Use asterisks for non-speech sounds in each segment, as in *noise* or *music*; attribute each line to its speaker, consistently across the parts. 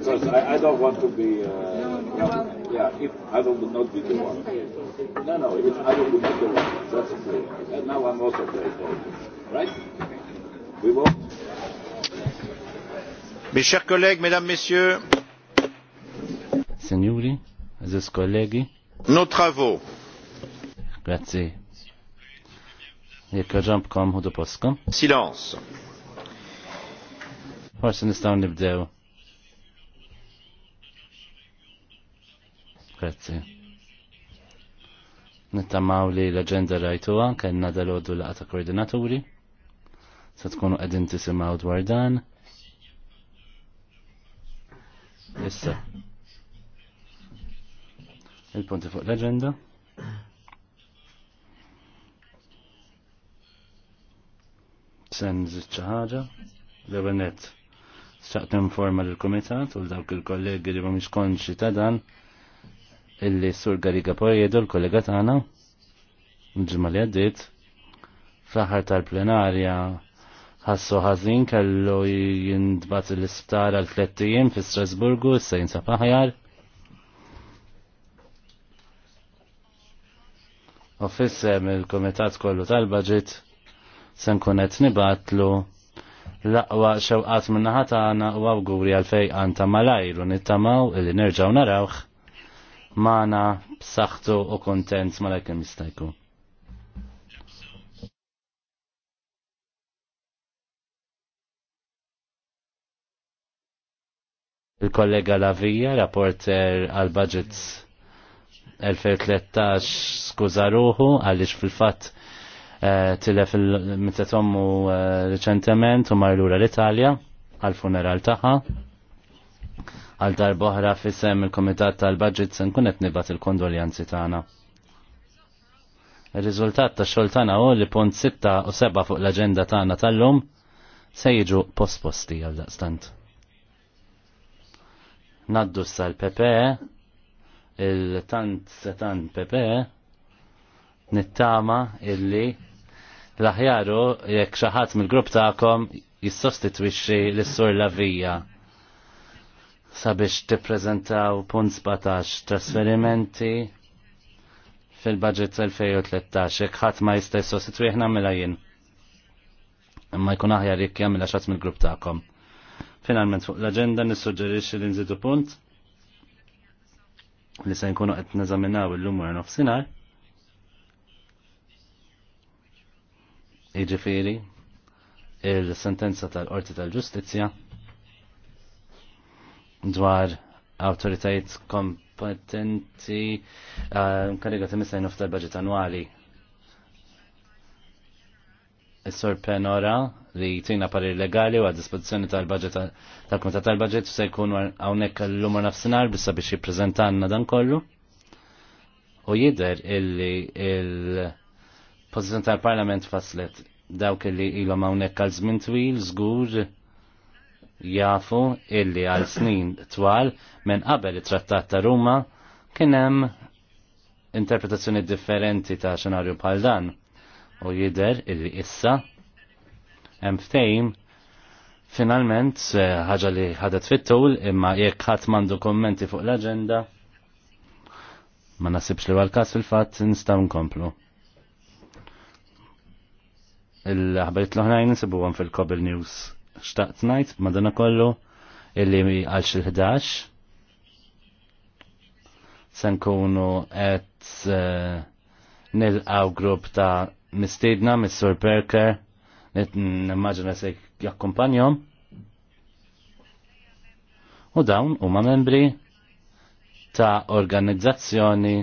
Speaker 1: because I, I don't want to be. Uh, no, no, yeah, if Adam would not be the one. No, no, if Adam would not be the one, that's clear. And now I'm also very bold. Right?
Speaker 2: We won't. Mes chers collègues, mesdames, messieurs,
Speaker 1: Signori, aziz kollegi,
Speaker 2: nos travaux.
Speaker 1: Grazie. Jekk ġampkom u poskom. Silence. Forse nistgħu nibdew. Grazzi. Nittamaw li l-agenda rajtuwa kellna dal-għoddu l-għata koordinaturi. Se tkunu qegħdin tisimgħu dwar dan. Issa. Il-punti fuq l-agenda. sen zitċa ħaġa, l-ewenet, saqt informa l-komitat u l-dawk il-kollegi li ma konxi ta' dan, illi sur Gariga Pojedo l-kollega tagħna ġimma li għaddit fl-aħħar tal-plenarja ħassu ħażin kellu jindbat l-isptar għal tlettijin fi Strasburgu issa jinsab aħjar. U fissem il-komitat kollu tal-budget se nkun qed nibatlu l-aqwa xewqat minnaħat għana u għawguri għal-fejqan ta' malajru nittamaw li nerġaw narawħ mana b'saħħtu u kontent ma l mistajku. Il-kollega Lavija, rapporter għal-budget 2013, skuza ruħu, għalix fil-fat eh, tilef il-mittetommu eh, reċentement u marlura l-Italja għal-funeral taħħa għal darboħra fissem il-Komitat tal-Budget sen kunet nibat il-kondoljanzi tagħna. Il-riżultat ta' xoltana u li punt 6 u 7 fuq l-agenda tagħna tal-lum se jiġu post-posti għal daqstant. Naddu sal pepe il-tant setan pepe nittama illi l-aħjaru jekk xaħat mill-grupp ta'kom jissostitwixxi l-sur Lavija sabiex tippreżentaw punt 17 trasferimenti fil-budget 2013 jekk ħadd ma jista' jsostit aħna nagħmilha jien. Imma jkun aħjar jekk jagħmilha xatt mill-grupp tagħkom. Finalment fuq l-aġenda nissuġġerixxi li nżidu punt li se nkunu qed neżaminaw illum wara nofsinhar. Jiġifieri il-sentenza tal-Qorti tal-Ġustizzja dwar autoritajiet kompetenti eh, kariga timissa jnuf tal-budget annuali. Is-sor Penora li tina pari legali u għad-dispozizjoni tal-budget tal-komitat tal-budget se jkun hawnhekk l-lumar nafsinhar bissa biex jippreżentanna dan kollu. U jidher illi il-pożizzjoni tal-Parlament faslet dawk illi ilhom hawnhekk għal żmien twil żgur jafu illi għal snin twal minn qabel it-trattat ta' Ruma kien hemm interpretazzjoni differenti ta' xenarju bħal dan u jider illi issa hemm ftejm finalment ħaġa li ħadet fit-tul imma jekk ħadd mandu kommenti fuq l-aġenda ma nasibx li għal-kas fil-fatt nistgħu nkomplu. Il-ħabariet l-oħrajn nisibu fil-Kobel News xtaqt najt madana kollu illi għal xil-11 san kunu et uh, eh, nil-għaw grupp ta' mistidna mis-sur Perker nimmaġina se jakkumpanjom u dawn huma membri ta' organizzazzjoni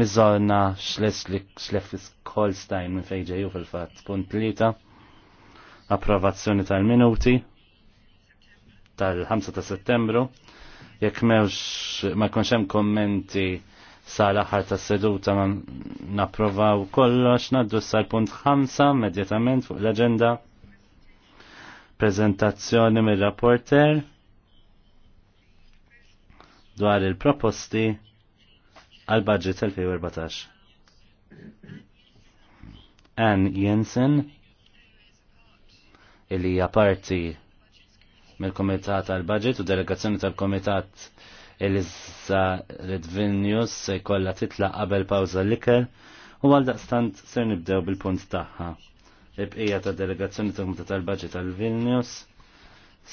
Speaker 1: mizzolna Schleswig-Holstein minn fejn ġejju fil fat punt lita approvazzjoni tal-minuti tal-5 ta' settembru. Jekk mewx ma jkunx hemm kommenti sal aħħar ta' seduta ma napprovaw kollox naddu sal-punt 5 immedjatament fuq l-aġenda. Prezentazzjoni mir-rapporter dwar il-proposti għal budget 2014. Ann Jensen illi hija parti mill-Komitat tal-Budget u delegazzjoni tal-Komitat Eliza Redvinius se jkollha titla' qabel pawza l-ikel u għal daqstant ser nibdew bil-punt tagħha. Ibqija bqija ta' delegazzjoni tal-Komitat tal-Budget tal-Vilnius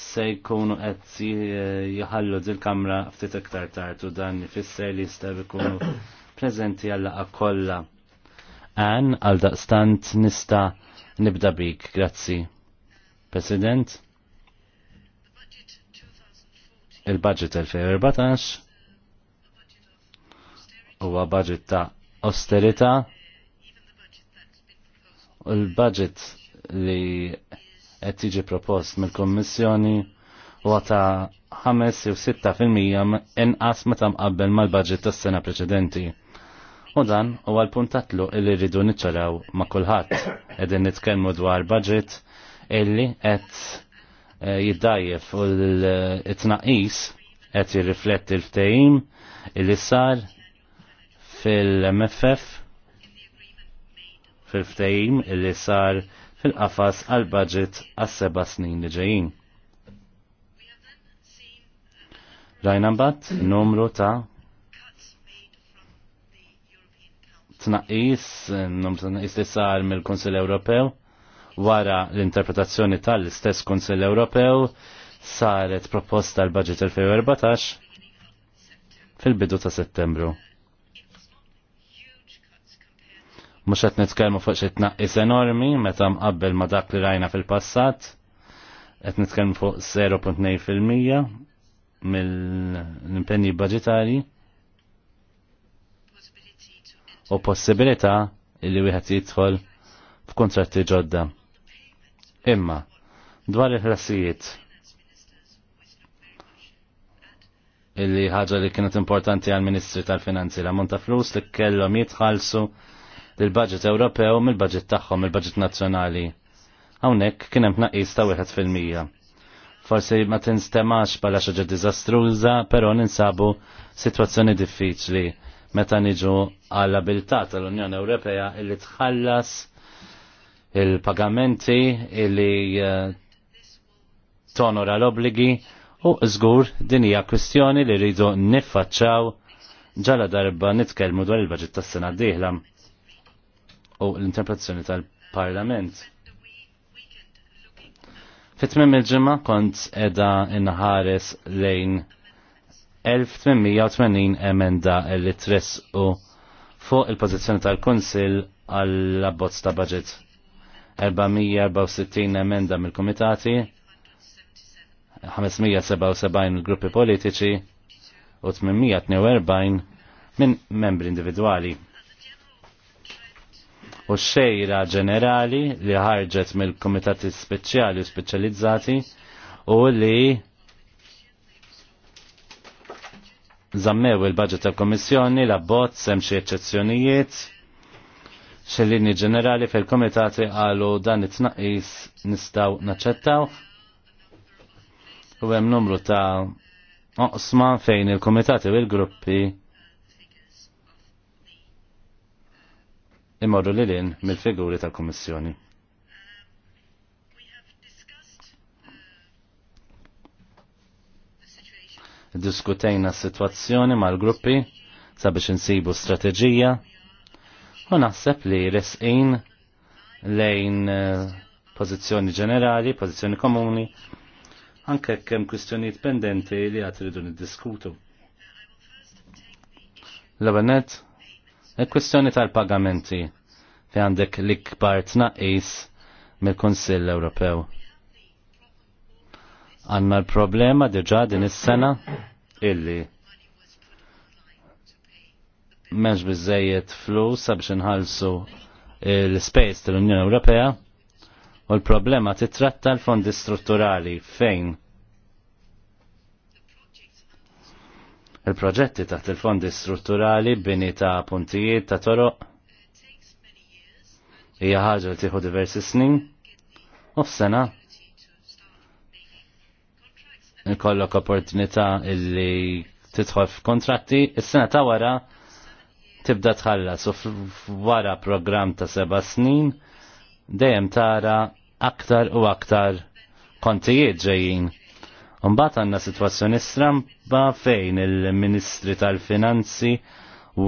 Speaker 1: se jkunu qed jħallu dil-kamra ftit iktar tard u dan jfisser li jistgħu jkunu preżenti għal laqgħa kollha. Għan għal daqstant nista' nibda bik, grazzi. President, il-budget 2014 huwa budget ta' austerita u l-budget li qed tiġi propost mill-Kommissjoni huwa ta' 5 jew 6% inqas meta mqabbel mal-budget tas-sena preċedenti. U dan huwa l-puntatlu li rridu niċċaraw ma' kulħadd qegħdin nitkellmu dwar budget illi qed eh, jiddajjef u l-tnaqis qed jirrifletti l-ftehim illi sar fil-MFF fil-ftehim illi sar fil-qafas għal-budget għas-seba snin li ġejjin. Rajna mbagħad numru ta' tnaqis, numru tnaqis li sar mill-Kunsill Ewropew wara l-interpretazzjoni tal-istess Kunsill Ewropew saret proposta l-budget 2014 fil-bidu ta' settembru. Mux għet nitkelmu fuq xi tnaqqis enormi meta mqabbel ma dak li rajna fil-passat, qed nitkellmu fuq 0.2% mill-impenni budgetari u possibilità li wieħed jidħol f'kuntratti ġodda. Imma, dwar il-ħlasijiet, illi ħaġa li kienet importanti għal ministri tal-Finanzi la monta ta' flus li kellhom jitħallsu lill-budget Ewropew mill-budget tagħhom mill budget nazzjonali. Hawnhekk kien hemm tnaqqis ta' wieħed fil-mija. Forsi ma tinstemax bħala xi diżastruża, però ninsabu sitwazzjoni diffiċli meta niġu għall abilità tal-Unjoni Ewropea illi tħallas il-pagamenti li eh, tonora l-obligi u żgur din hija kwistjoni li rridu niffaċċaw ġala darba nitkellmu dwar il-baġit tas-sena d-dieħla u l-interpretazzjoni tal-Parlament. fit il-ġimma kont edha inħares lejn 1880 emenda li tress u fuq il-pozizjoni tal-Kunsil għall-abbozz ta' budget. 464 emenda mill-komitati, 577 il-gruppi politiċi u 842 minn membri individuali. U xejra ġenerali li ħarġet mill-komitati speċjali u speċjalizzati u li zammew il-budget tal-Komissjoni, la bozz, semxie xi eċċezzjonijiet, xellini ġenerali fil-komitati għalu dan it-tnaqis nistaw naċċettaw u hemm numru ta' oqsma fejn il-komitati u il-gruppi imorru li lin mill-figuri tal-Kommissjoni. Diskutejna s-situazzjoni mal-gruppi sabiex insibu strateġija Ma naħseb li resqin lejn eh, pozizjoni ġenerali, pozizjoni komuni, anke kemm kwistjonijiet pendenti li għatridu niddiskutu. L-għabenet, il-kwistjoni tal-pagamenti fi għandek l-ikbar tnaqis mill-Konsill Ewropew. Għanna l-problema diġa din is-sena illi M'hemmx biżejjed flus sabiex inħallsu eh, l ispejs tal-Unjoni Ewropea u l-problema titratta l-fondi strutturali fejn il-proġetti taħt il-fondi strutturali bini ta' puntijiet ta' toroq hija ħaġa li tieħu diversi snin u f'sena nkollok opportunità illi tidħol f'kontratti is-sena ta' wara tibda tħallas u wara program ta' seba snin dejjem tara aktar u aktar kontijiet ġejjin. Mbagħad għandna sitwazzjoni stramba fejn il-Ministri tal-Finanzi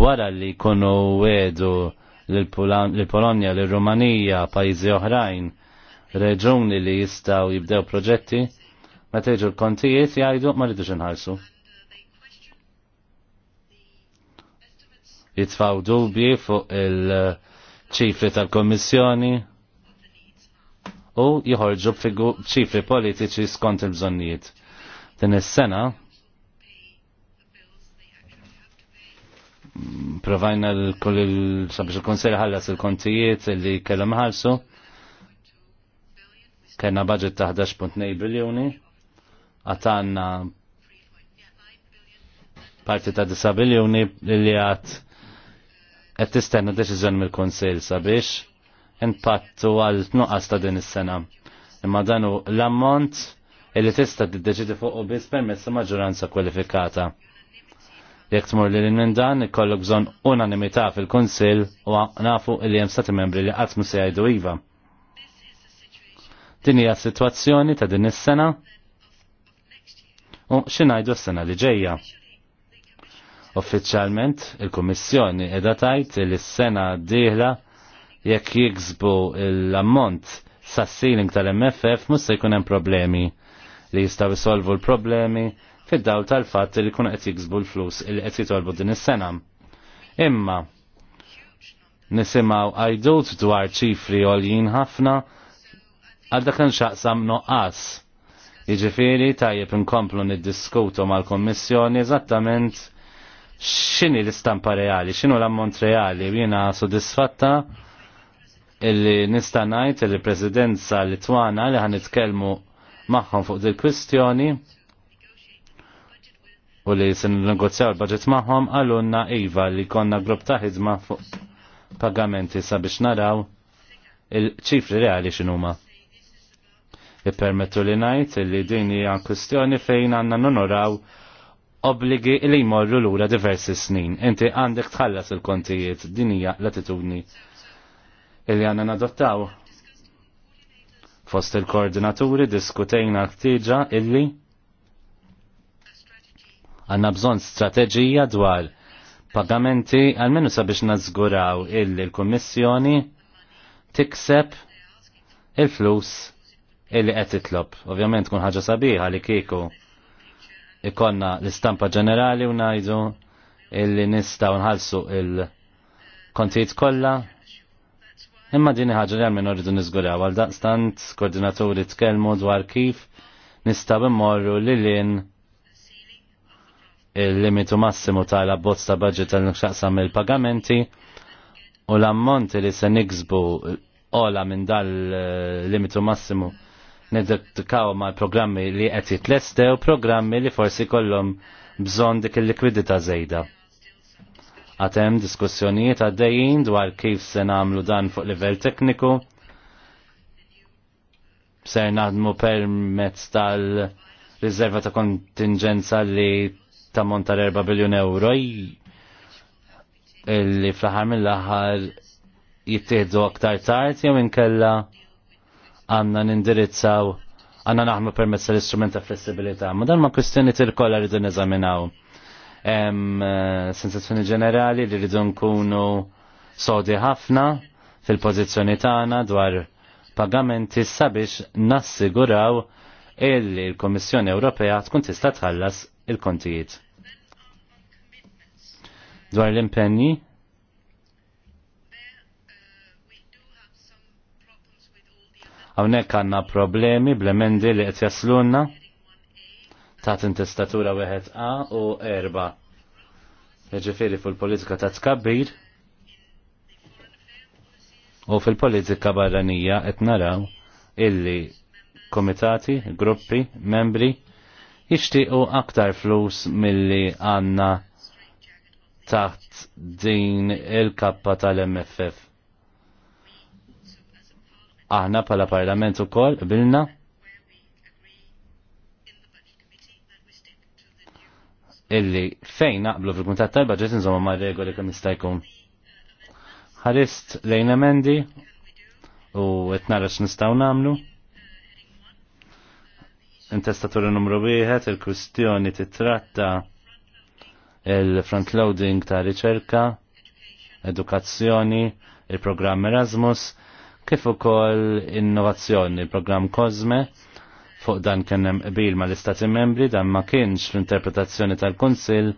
Speaker 1: wara li jkunu wedu l-Polonja, l-Rumanija, pajjiżi oħrajn, reġuni li jistgħu jibdew proġetti, meta jiġu l-kontijiet jgħidu ma rridux inħarsu. jitfaw dubji fuq il-ċifri tal komissjoni u jħorġu ċifri politiċi skont il-bżonnijiet. Din is-sena mm, provajna l-kull il sabiex il-Konsell ħallas il-kontijiet li kellhom ħalsu. Kellna budget ta' 11.2 biljuni, għatanna parti ta' 9 biljuni li għat qed tistenna deċiżjoni mill-Kunsill sabiex impattu għal tnuqqas ta' din is-sena. Imma dan hu l-ammont illi tista' tiddeċidi fuq u biss permezz ta' maġġoranza kwalifikata. Jekk tmur li minn dan ikollok bżonn unanimità fil-Kunsill u nafu li hemm stati membri li qatt se jgħidu iva. Din hija s-sitwazzjoni ta' din is-sena u x'ingħidu s-sena li ġejja. Uffiċjalment il-Kummissjoni edha tajt li s-sena d-dieħla jekk jiksbu l-ammont sa' ceiling tal-MFF mhux se jkun hemm problemi li jistgħu jsolvu l-problemi fid-dawl tal-fatt li jkunu qed jiksbu l-flus li qed jitolbu din is-sena. Imma nisimgħu għajdut dwar ċifri għoljin ħafna għal dak nxaqsam noqqas. Jiġifieri tajjeb inkomplu niddiskutu mal-Kommissjoni eżattament x'inhi l-istampa reali, x'inhu l-ammont reali, jiena sodisfatta illi nista' ngħid li presidenza Litwana li ħan nitkellmu magħhom fuq dil kwistjoni u li se negozjaw il-budget magħhom għalunna iva li konna grupp ta' ħidma fuq pagamenti sabiex naraw il-ċifri reali x'inhuma. permettu li ngħid li din hija kwistjoni fejn għandna nonoraw obbligi li jmorru lura diversi snin. Inti għandek tħallas il-kontijiet din hija l-attitudni li għandna nadottaw. Fost il-koordinaturi diskutejna ktiġa illi għanna bżon strateġija dwar pagamenti għalmenu sabiex nazguraw illi l-Kommissjoni tikseb il-flus illi qed titlob. Ovvjament kun ħaġa sabiħa li kieku ikonna l-istampa ġenerali u najdu illi nistaw nħalsu il-kontijiet kollha. Imma dini ħaġa li għalmin rridu nizguraw għal daqstant koordinaturi tkellmu dwar kif nistaw immorru li lin il-limitu massimu tal-abbozz ta' budget tal-nxaqsam il-pagamenti u l-ammonti li se niksbu ola minn dal-limitu massimu nidetkaw ma' programmi li qed u programmi li forsi kollhom bżonn dik il-likwidità żejda. Għatem diskussjonijiet għaddejjin dwar kif se nagħmlu dan fuq livell tekniku. Ser naħdmu permezz tal-riserva ta' kontingenza li tammonta l-4 biljun euro illi fl-ħar mill-ħar jittieħdu aktar tard jew inkella kella għanna nindirizzaw għanna naħmu permezz l-istrument ta' flessibilità. Ma dan ma' kwestjoni tirkolla rridu neżaminaw. Hemm eh, sensazzjoni ġenerali li rridu nkunu sodi ħafna fil-pożizzjoni tagħna dwar pagamenti sabiex nassiguraw illi l-Kommissjoni Ewropea tkun tista' tħallas il-kontijiet. Dwar l-impenni Hawnhekk għandna problemi blemendi li qed jaslunna ta' intestatura wieħed A u erba. Jiġifieri fil-politika ta' tkabbir u fil-politika barranija qed naraw illi komitati, gruppi, membri jixtiequ aktar flus milli għandna taħt din il-kappa tal-MFF. Aħna pala parlament ukoll bilna illi fejn naqblu fil-kuntat tal-budget nżomma ma' regoli kemm jista' jkun. Ħarist lejn emendi u qed nara x'nistgħu nagħmlu. Intestaturi numru wieħed il-kwistjoni titratta il-frontloading ta' riċerka, edukazzjoni, il-programm Erasmus, kif ukoll innovazzjoni, programm Kozme, fuq dan kienem hemm ma mal-Istati Membri dan ma kienx l-interpretazzjoni tal-Kunsill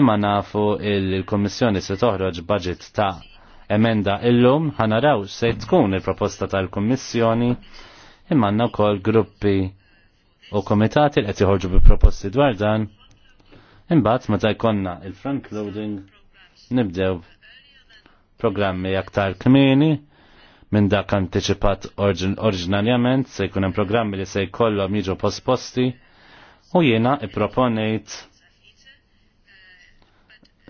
Speaker 1: imma nafu il-Kommissjoni se toħroġ budget ta' emenda illum ħanaraw se tkun il-proposta tal-Kummissjoni imma għandna wkoll gruppi u komitati li qed joħorġu bi proposti dwar dan imbagħad meta jkollna il frank loading nibdew programmi aktar kmini minn dak anticipat oriġinarjament, se jkun hemm programmi li se jkollhom jiġu posposti u jiena ipproponejt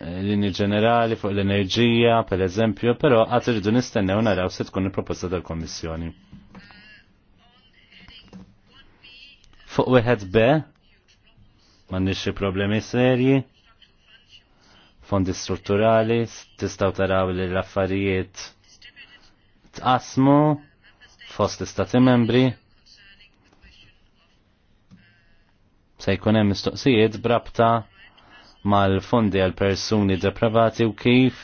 Speaker 1: eh, linji ġenerali fuq l-enerġija, per eżempju, però għad irridu nistennew naraw se tkun il-proposta tal-Kommissjoni. Fuq wieħed B, m'għandniex xi problemi serji, fondi strutturali, tistgħu taraw li l-affarijiet tqasmu fost l istati membri se jkun hemm mistoqsijiet brabta mal-fondi għal persuni depravati u kif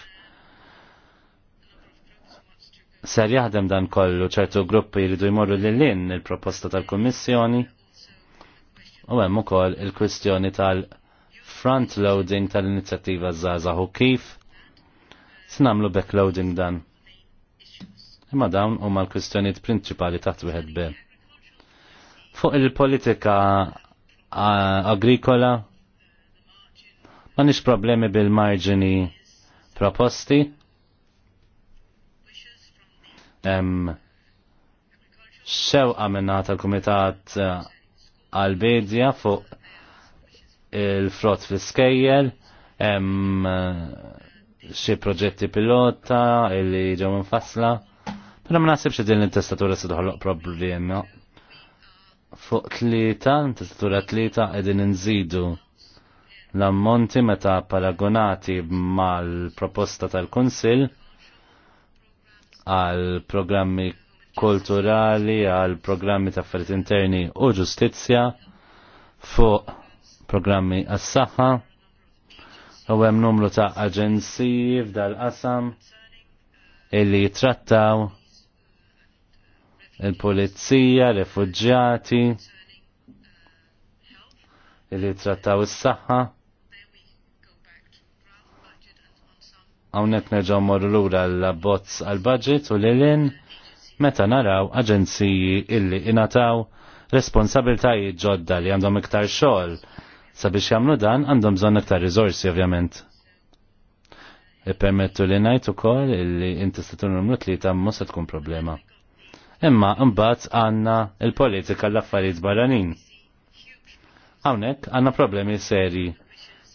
Speaker 1: ser jaħdem dan kollu ċertu gruppi jridu jmorru lil-lin il-proposta tal-Kummissjoni u hemm ukoll il-kwistjoni tal-front loading tal-inizjattiva żgħażagħ u kif s'namlu backloading dan imma dawn huma l-kwistjonijiet prinċipali taħt wieħed be. Fuq il-politika agrikola ma nix problemi bil-marġini proposti. Xew xewqa minna tal-Kumitat għal-Bedja eh, fuq il-frott fl-skejjel, eh, xi proġetti pilota illi ġew fasla Pero ma naħsibx din l-intestatura se toħloq problema. Fuq tlieta, l-intestatura tlieta qegħdin inżidu l-ammonti meta paragonati mal-proposta tal konsil għal programmi kulturali, għal programmi ta' affarijiet interni u ġustizzja fuq programmi għas-saħħa u hemm numru ta' aġenziji f'dal-qasam illi jitrattaw il-polizija, refugġjati, li trattaw is-saħħa. Hawnhekk nerġgħu morru lura l-abbozz għall-budget u lilin meta naraw aġenziji illi inataw responsabiltajiet ġodda li għandhom iktar xogħol sabiex jagħmlu dan għandhom bżonn iktar riżorsi ovvjament. Ippermettu li ngħid ukoll illi inti se tinru li ta' se tkun problema imma mbagħad għandna il-politika l-affarijiet barranin. Hawnhekk għandna problemi serji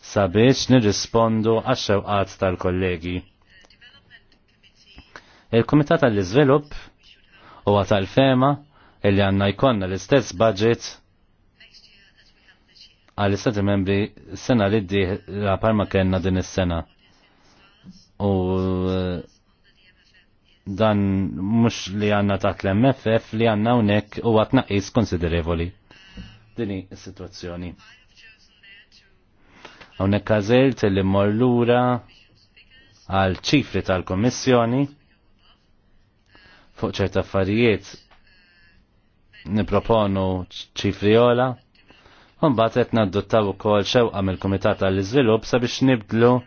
Speaker 1: sabiex nirrispondu għax-xewqat tal-kollegi. Il-Kumitat tal-Iżvilupp huwa tal-fema illi għandna jkollna l-istess budget għal-istati membri sena li d-diħla parma kena din is-sena u dan mux li għanna taħt l-MFF li għanna unek u għatnaqis konsiderevoli. Dini situazzjoni. Unek għazilt li morlura għal ċifri tal-Komissjoni fuq ċerta affarijiet niproponu ċifri ola, un bat etna d-dottaw u kol xewqa mill komitata l izvilup sabiex nibdlu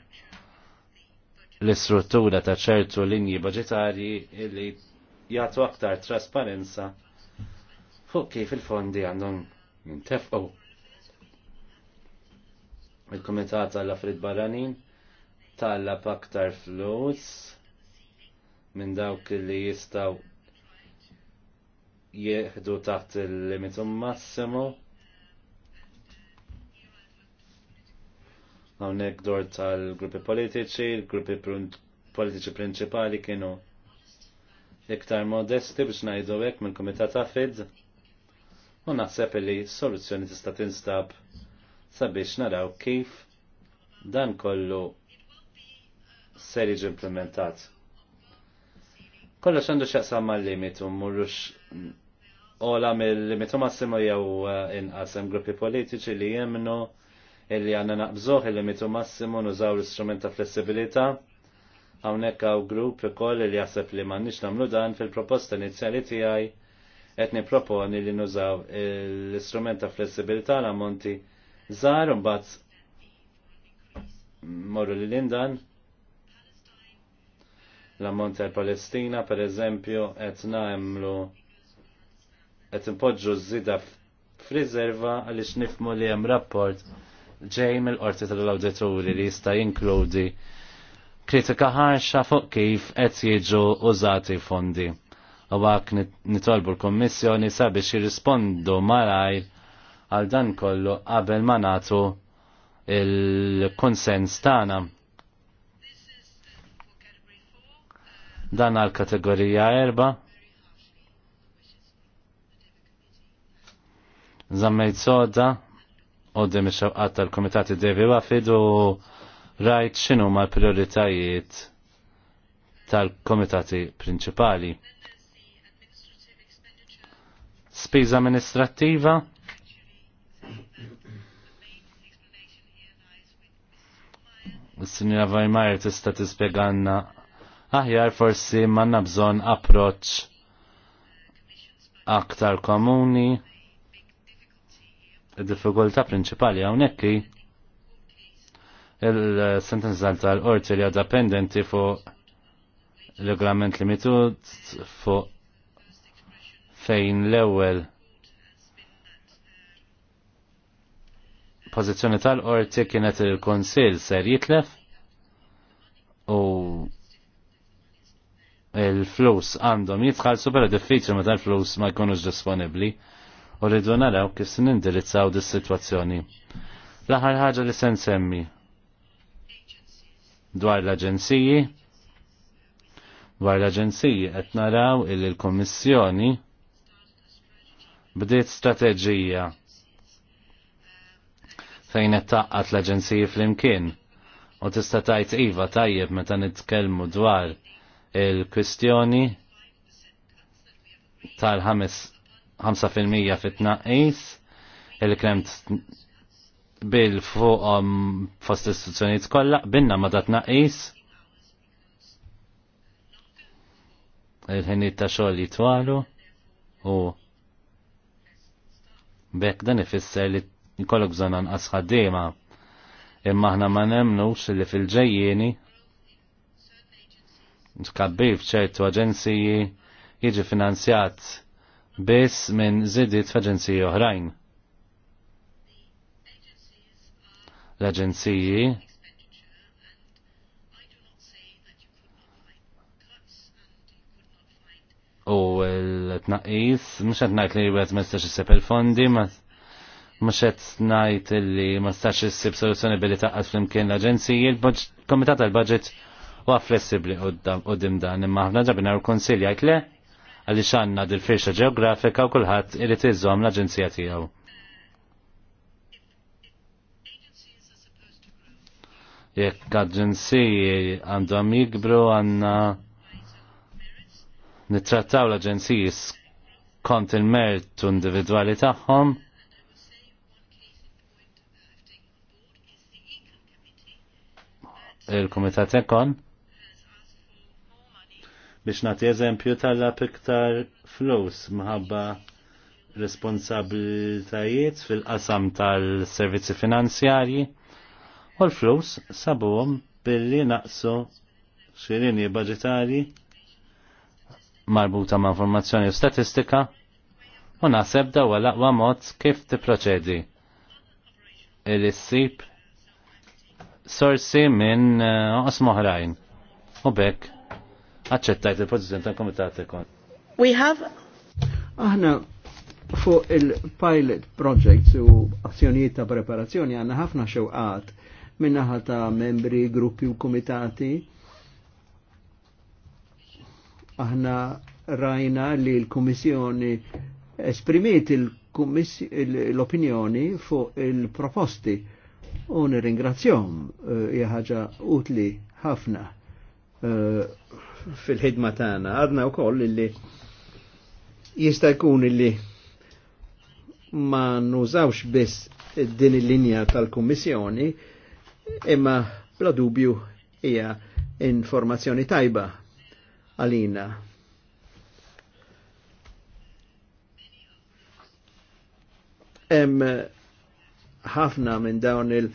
Speaker 1: l-istruttura ta' ċertu linji budgetarji li jagħtu aktar trasparenza fuq kif il-fondi għandhom jintefqu. Il-Kumitat għal afrid Barranin talla aktar flus minn dawk li jistaw jieħdu taħt il-limitum massimo hawnhekk dor tal-gruppi politiċi, l gruppi politiċi prinċipali kienu iktar modesti biex ngħidu hekk mill ta' Afid u naħseb li soluzzjoni tista' tinstab sabiex naraw kif dan kollu ser jiġi implementat. Kollox għandu x'jaqsam mal-limitu, murrux ola mill-limitu massimo jew eh, inqasem gruppi politiċi li jemnu illi għanna naqbżuħ il-limitu massimu nużaw l-istrument ta' flessibilità. Hawnhekk hawn grupp ukoll li jaħseb li m'għandniex nagħmlu dan fil-proposta inizjali tiegħi qed niproponi li nużaw l-istrument ta' flessibilità l-ammonti żgħar bat morru li lindan l monti għal palestina per eżempju qed nagħmlu qed zida żida f'riserva għaliex nifmu li hemm rapport ġej mill-qorti tal-awdituri li jista' jinkludi kritika ħarxa fuq kif qed jiġu użati fondi. U għak nitolbu l-Kommissjoni sabiex jirrispondu maraj għal dan kollu qabel ma nagħtu il-konsens tagħna. Dan għal kategorija erba' zammejt soda għoddim il-xabqat tal-komitati Devi Wafid u rajt xinu ma prioritajiet tal-komitati prinċipali. Spiża amministrattiva? S-Sinjora Vajmajer tista tispieganna aħjar forsi manna bżon approċ aktar komuni Il-diffikultà prinċipali hawnhekk il-sentenza tal-qorti li għadha pendenti fuq regolament limitut fuq fejn l-ewwel pożizzjoni tal-qorti kienet il-Konsil ser jitlef u il-flus għandhom jitħallsu super diffiċli meta l-flus ma jkunux disponibbli u rridu naraw kif se nindirizzaw dis-sitwazzjoni. L-aħħar ħaġa li se nsemmi dwar l-aġenziji dwar l-aġenziji qed naraw il l kummissjoni bdiet strateġija fejn qed taqqat l-aġenziji flimkien u tista' tgħid iva tajjeb meta nitkellmu dwar il-kwistjoni tal-ħames 5% fit-tnaqqis il kremt bil-fuq um, fost istituzzjonijiet kollha binna ma dat tnaqqis il-ħiniet ta' xogħol jitwalu u bekk dan ifisser li jkollok bżonn anqas ħaddiema imma aħna ma nemnux li fil-ġejjieni tkabbir f'ċertu aġenziji jiġi finanzjat biss minn zidit f'aġenziji oħrajn. L-aġenziji u l-tnaqis, mux għed najt li għed ma stax jisib il-fondi, mux għed najt li ma stax jisib soluzjoni billi taqqat fl-imkien l aġenziji il komitata l budget u għaflessibli u dim dan, imma ħafna ġabina u konsilja, le? għalli għandna dil-firxa ġeografika u kulħadd irid iżżomm l-aġenzija tiegħu. Jekk aġenziji għandhom jikbru għanna nittrattaw l-aġenziji skont il-mertu individwali tagħhom il-Komitat Ekon biex nagħti eżempju tal-lab iktar flus mħabba responsabiltajiet fil-qasam tal-servizzi finanzjarji u l-flus sabuhom billi naqsu xirini budgetari marbuta ma' informazzjoni u statistika u naħseb dawa l-aqwa mod kif tipproċedi il-issib sorsi minn uh, oqsmoħrajn u bekk Aċċettajt il pozizjon tal-Komitat ikon.
Speaker 3: We have.
Speaker 2: Aħna fuq il-pilot project u azzjonijiet ta' preparazzjoni għanna ħafna xewqat minnaħa ta' membri, gruppi u komitati. Aħna rajna li l-Komissjoni esprimiet l-opinjoni fuq il-proposti u nirringrazzjom eh, hija utli ħafna. Uh, fil-ħidma tagħna. Għadna wkoll illi jista' jkun illi ma nużawx biss din il-linja tal-Kummissjoni, imma bla dubju hija informazzjoni tajba għalina. Hemm ħafna minn dawn il-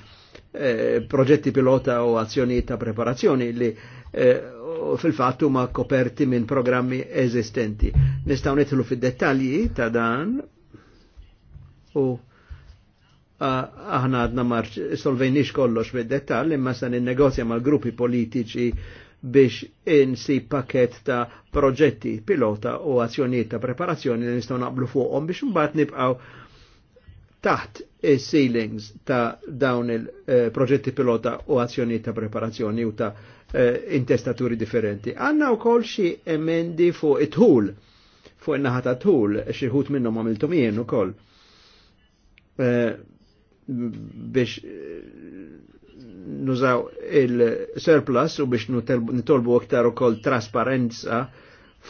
Speaker 2: eh, proġetti pilota u azzjonijiet ta' preparazzjoni li eh, fil-fatt huma koperti minn programmi eżistenti. Nistgħu nidħlu fid-dettalji ta' dan u aħna għadna marċ solvejnix kollox fid-dettall imma se ninnegozja mal-gruppi politiċi biex insi pakket ta' proġetti pilota u azzjonijiet ta' preparazzjoni li nistgħu naqblu fuqhom biex mbagħad nibqgħu taħt ceilings ta' dawn il-proġetti eh, pilota u azzjonijiet ta' preparazzjoni u ta' Eh, intestaturi differenti. Għanna u kol xie emendi fuq it-tul, fuq in naħa ta' tul, xieħut minnom għamiltum jien u kol. Eh, biex eh, nużaw il-surplus u biex nitolbu aktar u kol trasparenza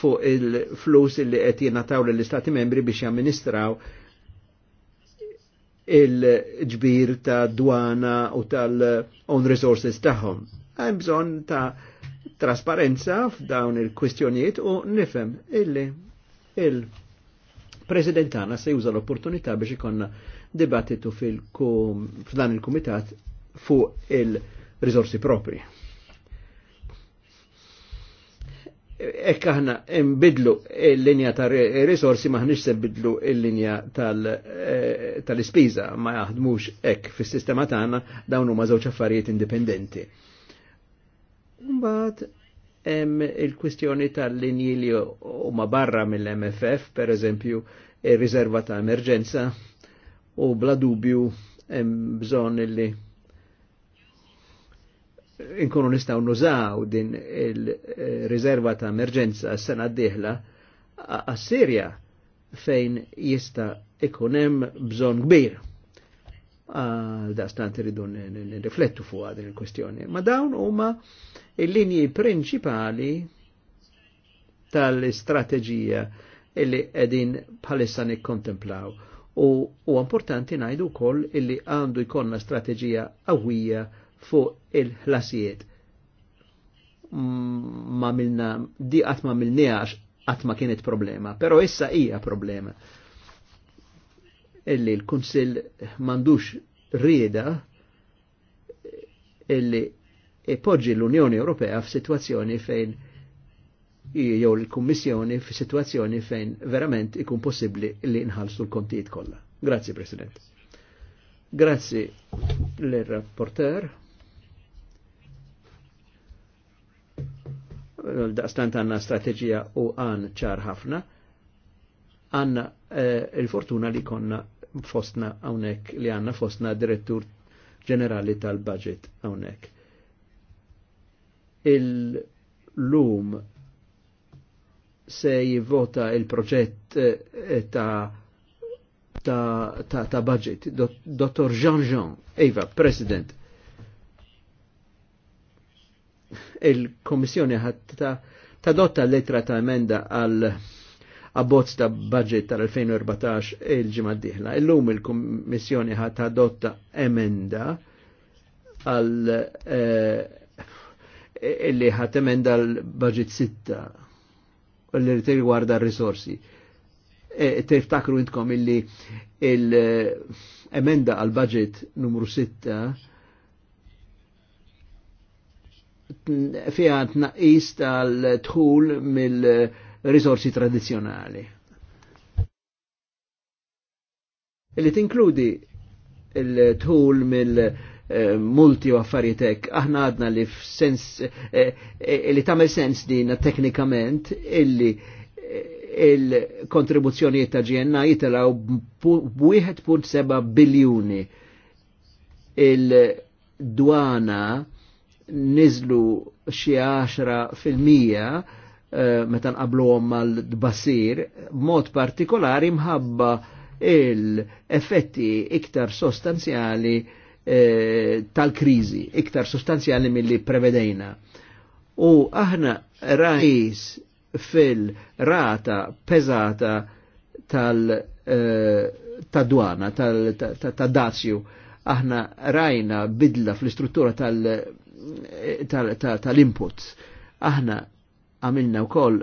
Speaker 2: fuq il-flus li qed jingħataw lill-istati membri biex jamministraw il-ġbir ta' dwana u tal-own resources tagħhom Għaj bżon ta' trasparenza f'dawn il-kwistjonijiet u nifem illi il-presidentana se juża l-opportunità biex ikonna dibattitu f'dan il-kumitat fuq il-rizorsi propri. Ekk aħna imbidlu il-linja ta' risorsi maħnix se bidlu il-linja eh, tal-ispiża ma jaħdmux ek fis-sistema tagħna dawn huma żewġ affarijiet indipendenti. Mbaħt, il-kwistjoni tal-linji li huma barra mill-MFF, per eżempju, il riserva ta' emerġenza u bla dubju hemm bżonn li inkunu nistaw nużaw din il-riserva ta' emerġenza s-sena d-dihla għas-Sirja fejn jista ikunem bżon kbir. Għal da' stant rridu n-riflettu fuq din il kwistjoni Ma dawn huma uh, il-linji prinċipali tal-istrateġija illi edin bħalissa nikkontemplaw. U, u importanti najdu kol illi għandu jkollna strateġija għawija fuq il-ħlasijiet. Ma milna, di għatma milnijax għatma kienet problema, pero issa hija problema. Illi l-Kunsil mandux rieda illi poġġi l-Unjoni Ewropea f'sitwazzjoni fejn jew l-Kummissjoni f'sitwazzjoni fejn verament ikun possibbli li nħallsu l-kontijiet kollha. Grazzi President. Grazzi l-rapporter. Daqstant għanna strategija u għan ċar ħafna. Għanna eh, il-fortuna li konna fostna għonek li għanna fostna direttur ġenerali tal-budget għonek il-lum se jivvota il-proġett eh, ta' ta', ta, ta budget. Dottor Jean-Jean, Eva, President, il-Komissjoni ħat ta, ta' dotta letra ta' emenda għal abbozz ta' budget tal-2014 il ġimad d Illum il ħat ta' dotta emenda għal eh, illi ħatemen dal-budget sitta li riguarda r-risorsi. E, tiftakru intkom illi l emenda għal-budget numru 6 fija tnaqis tal-tħul mill-risorsi tradizjonali. Illi tinkludi il-tħul mill-risorsi Eh, multi u affarijiet hekk. Aħna għadna li f'sens eh, eh, li tagħmel sens din teknikament illi il-kontribuzzjonijiet ta' GNA jitelaw b'1.7 biljuni. Il-dwana nizlu xi 10 fil-mija meta nqabluhom mal dbasir mod partikolari mħabba il-effetti iktar sostanzjali Eh, tal-krizi, iktar sostanzjali mill-li prevedejna. U aħna rajis fil-rata pezata tal-dwana, eh, tal-dazju, aħna rajna bidla fl-istruttura eh, tal-input. aħna għamilna u koll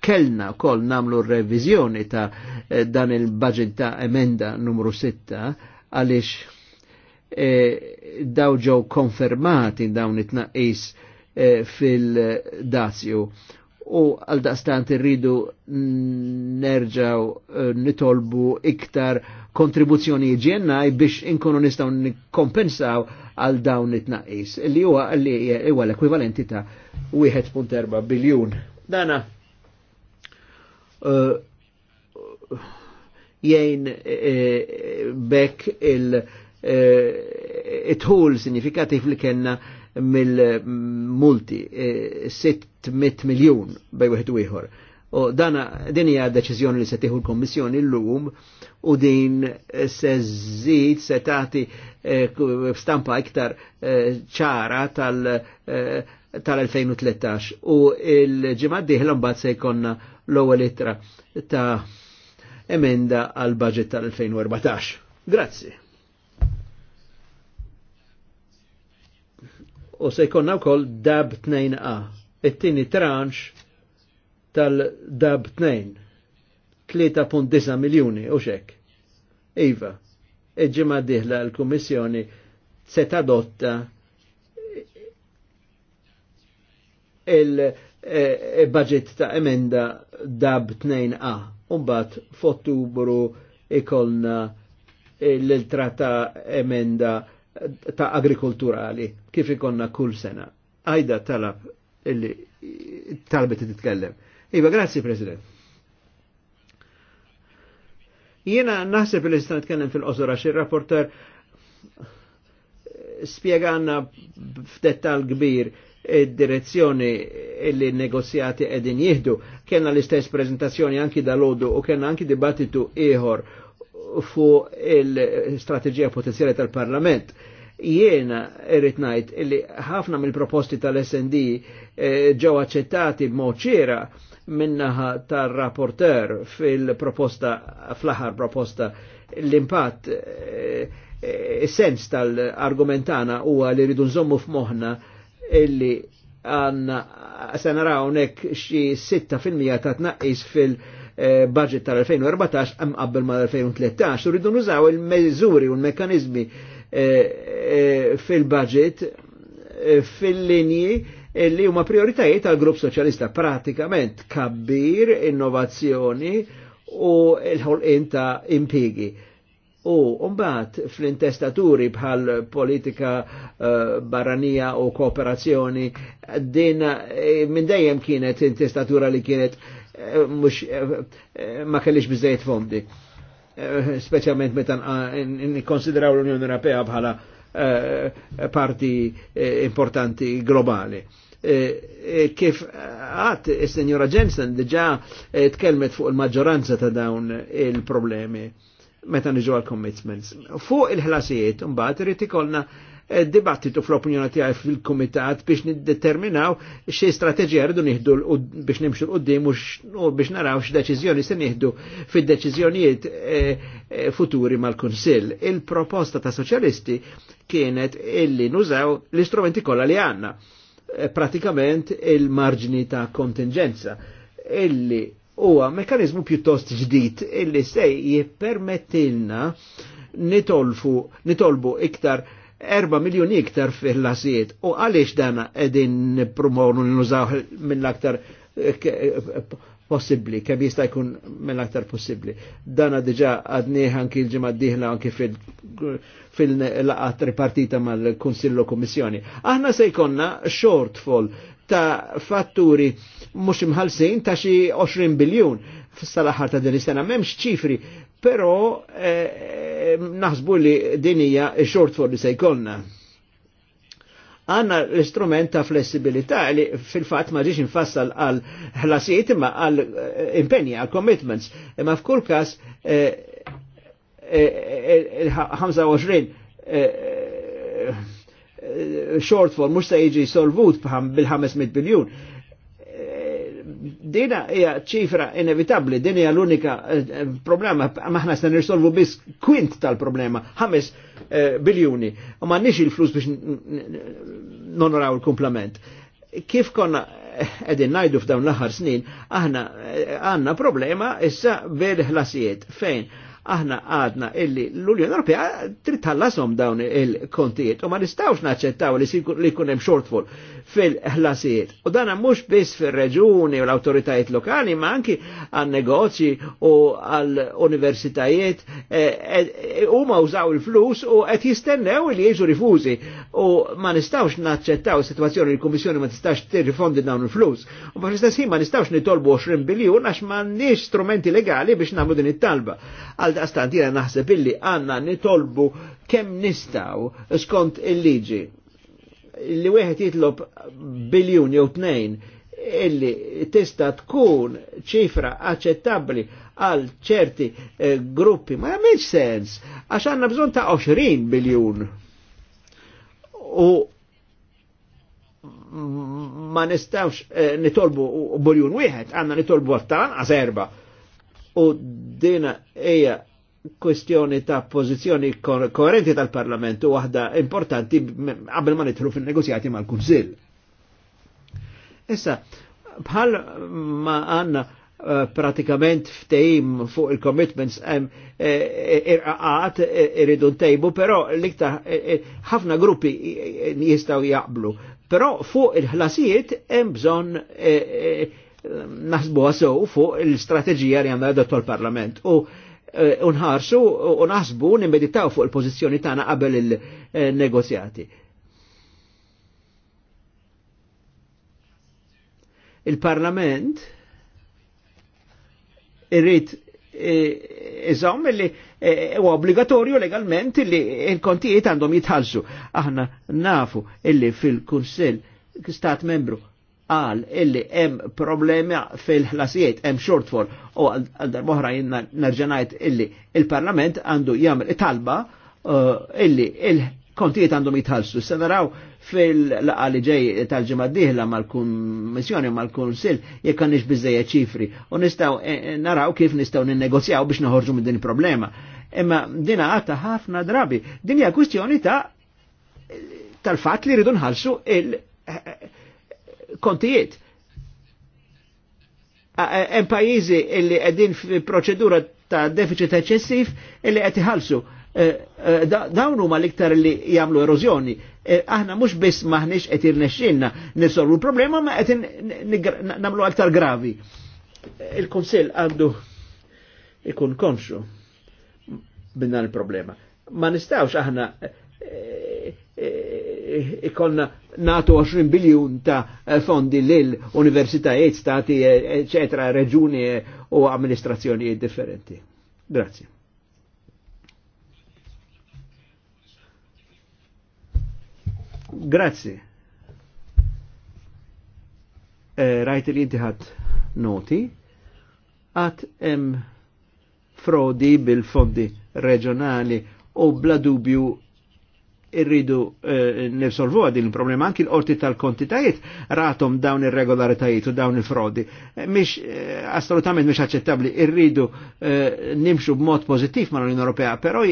Speaker 2: kellna kol namlu revizjoni ta' dan il-budget ta' emenda numru 6 għalix E, daw ġew konfermati dawn it-tnaqqis e, fil-dazju u għal daqstant irridu nerġaw e, nitolbu iktar kontribuzzjoni ġennaj biex inkunu nistaw nikkompensaw għal dawn it-naqis li huwa huwa l-ekwivalenti ta' 1.4 biljun. Dana uh, jgħin uh, bekk il- it eh, itħul sinifikattiv li kena mill-multi 600 eh, miljon bej wieħed u ieħor. U dana din hija deċiżjoni li se tieħu l-Kommissjoni llum u din se żid se tagħti eh, stampa iktar ċara tal 2013 u l ġimgħa diħla mbagħad se jkollna l-ewwel ittra ta' emenda għal budget tal-2014. Grazzi. u se jkonna wkoll dab 2A. It-tieni tranx tal-dab 2. 3.9 miljuni u xek. Iva, iġġima diħla l-Kummissjoni se tadotta il-budget eh, ta' emenda dab 2A. Umbat f'Ottubru ikolna l-trata emenda ta' agrikulturali kif ikonna kull sena. Ajda talab illi talbet titkellem. Iva, grazzi, President. Jena naħseb li stan itkellem fil-qosor għax ir-rapporter spiegħanna f'dettal kbir id-direzzjoni illi negozjati edin jihdu. Kenna l-istess prezentazzjoni anki dal-ħodu u kenna anki dibattitu ieħor fuq il-strategija potenzjali tal-Parlament. Jiena irrit ngħid illi ħafna mill-proposti tal-SND eh, ġew aċċettati b'mod minnaħa tar-rapporter fil-proposta fl-aħħar proposta l-impatt eh, is-sens tal-argumentana huwa li rridu nżommu f'moħħna illi għanna sanaraw nek xie 6% ta' tnaqqis fil- Eh, budget tal-2014 għam qabbel mal-2013 u rridu nużaw il-mezzuri u l-mekanizmi eh, eh, fil-budget fil-linji li huma prioritajiet għal grupp soċjalista pratikament kabbir, innovazzjoni u l-ħolqin ta' impigi. U mbagħad fl-intestaturi bħal politika barranija u kooperazzjoni din minn dejjem kienet intestatura li kienet uh, mux ma kellix bizzejt fondi. Specialment meta konsideraw l-Unjoni Europea bħala eh, parti eh, importanti globali. Eh, kif għat il-Senjora Jensen diġa tkelmet fuq il-maġġoranza ta' dawn il-problemi metan iġu għal-commitments. Fuq il-ħlasijiet, un irid rritikolna dibattitu fl-opinjoni tiegħi fil-kumitat biex niddeterminaw xi strateġija rridu nieħdu biex nimxu l-qudiem u biex naraw x'deċiżjoni se nieħdu fid-deċiżjonijiet eh, eh, futuri mal-Kunsill. Il-proposta ta' soċjalisti kienet illi nużaw l-istrumenti kollha li għandna eh, pratikament il-marġni ta' kontingenza illi huwa mekkanizmu pjuttost ġdid illi se jippermettilna nitolfu nitolbu iktar Erba' miljon iktar fil-lasiet. U għaliex dan edin promonu nużaw mill-aktar eh, eh, possibli, kem jista' jkun mill-aktar possibli. Dana diġa għadni anki l-ġimgħa diħla anki fil laqat ripartita mal konsillu Kummissjoni. Aħna se jkonna shortfall ta' fatturi mhux imħalsin ta' xi 20 biljun fis ta' din is-sena m'hemmx ċifri, però eh, eh, naħsbu li din hija x li se jkollna. Għanna l-istrument ta' flessibilità li fil-fat ma ġiex infassal għal ħlasijiet imma għal eh, impenja, għal commitments. Imma f'kull każ il 25 shortfall mux se jiġi solvut bil-500 biljun dina hija ċifra inevitabli, din hija l-unika eh, eh, problema, maħna se nirsolvu biss kwint tal-problema, ħames eh, biljuni, u ma nix il-flus biex nonoraw il-komplement. Kif konna edin najdu f'dawn l-aħħar snin, aħna għanna problema issa bil-ħlasijiet. Fejn? aħna għadna illi l-Unjoni Ewropea trid tallasom dawn il-kontijiet u ma nistgħux naċċettaw li jkun hemm shortfall fil-ħlasijiet. U dana mux biss fil-reġuni u l-autoritajiet lokali, ma anki għal negozji u għal universitajiet e, e, e, u ma użaw il-flus u għet jistennew li jieġu rifuzi u ma nistawx naċċettaw situazzjoni li l-Komissjoni ma tistax tirrifondi dawn il-flus. U ma nistawx ma nistawx nitolbu 20 biljon għax ma nix strumenti legali biex namlu din it-talba. Għal daqstantina naħseb illi għanna nitolbu kem nistaw skont il-liġi li wieħed jitlob biljun jew tnejn illi tista tkun ċifra aċċettabbli għal ċerti eh, gruppi ma jagħmilx sens għax għandna bżonn ta' 20 biljun. U ma nistawx eh, nitolbu biljun wieħed, għandna nitolbu għattan għas erba. U dina hija kwestjoni ta' pożizzjoni koerenti tal-Parlament u waħda importanti qabel ma nidħlu fin-negozjati mal-Kunsill. Issa, bħal ma għanna eh, pratikament ftejim fuq il-commitments hemm eh, eh, irqaqat irridu ntejbu, però l-iktar ħafna gruppi jistgħu jaqblu. Però fuq il-ħlasijiet hemm bżonn naħsbu sew fuq il-strateġija li għandha dottor parlament. U Eh, unħarsu u nimeditaw fuq il-pożizzjoni tagħna qabel il-negozjati. Il-Parlament irrid eh, iżom li eh, u obbligatorju legalment li il-kontijiet għandhom jitħallsu. Aħna nafu illi fil kunsel stat membru għal illi hemm problemi fil-ħlasijiet, hemm shortfall u għal darbohra jenna nerġanajt illi il-parlament għandu jagħmel talba uh, illi il-kontijiet għandhom jitħallsu. Se naraw fil-laqali ġej tal-ġimma diħla mal-kummissjoni mal-kunsil jekk għandix bizzeja ċifri u nistgħu eh, eh, naraw kif nistgħu ninnegozjaw biex naħorġu minn din il-problema. Imma dina għata ħafna drabi. Din hija kwistjoni ta' tal-fatt li rridu nħallsu il- kontijiet. E, hemm pajjiżi li qegħdin f'proċedura ta' deficit eċessiv illi qed iħallsu. E, e, dawn huma l-iktar li jagħmlu erożjoni. Aħna mhux biss maħniex qed irnexxielna nisolvu l-problema ma qed nagħmlu aktar gravi. Il-Kunsill għandu ikun konxu binna il problema Ma nistawx aħna ikonna natu 20 biljun ta' fondi lil universitajiet, stati, eccetera, reġuni u amministrazzjoni differenti. Grazie. Grazie. Eh, rajt li inti intiħat noti, għat em frodi bil-fondi reġjonali u bla dubju irridu eh, nifsolvu għadin il-problema anki l-orti tal-kontitajiet ratom dawn il irregolaritajiet u dawn il-frodi. Mish, eh, eh, assolutament mish accettabli, irridu eh, nimxu b'mod pozittiv ma l-Unjoni Ewropea, però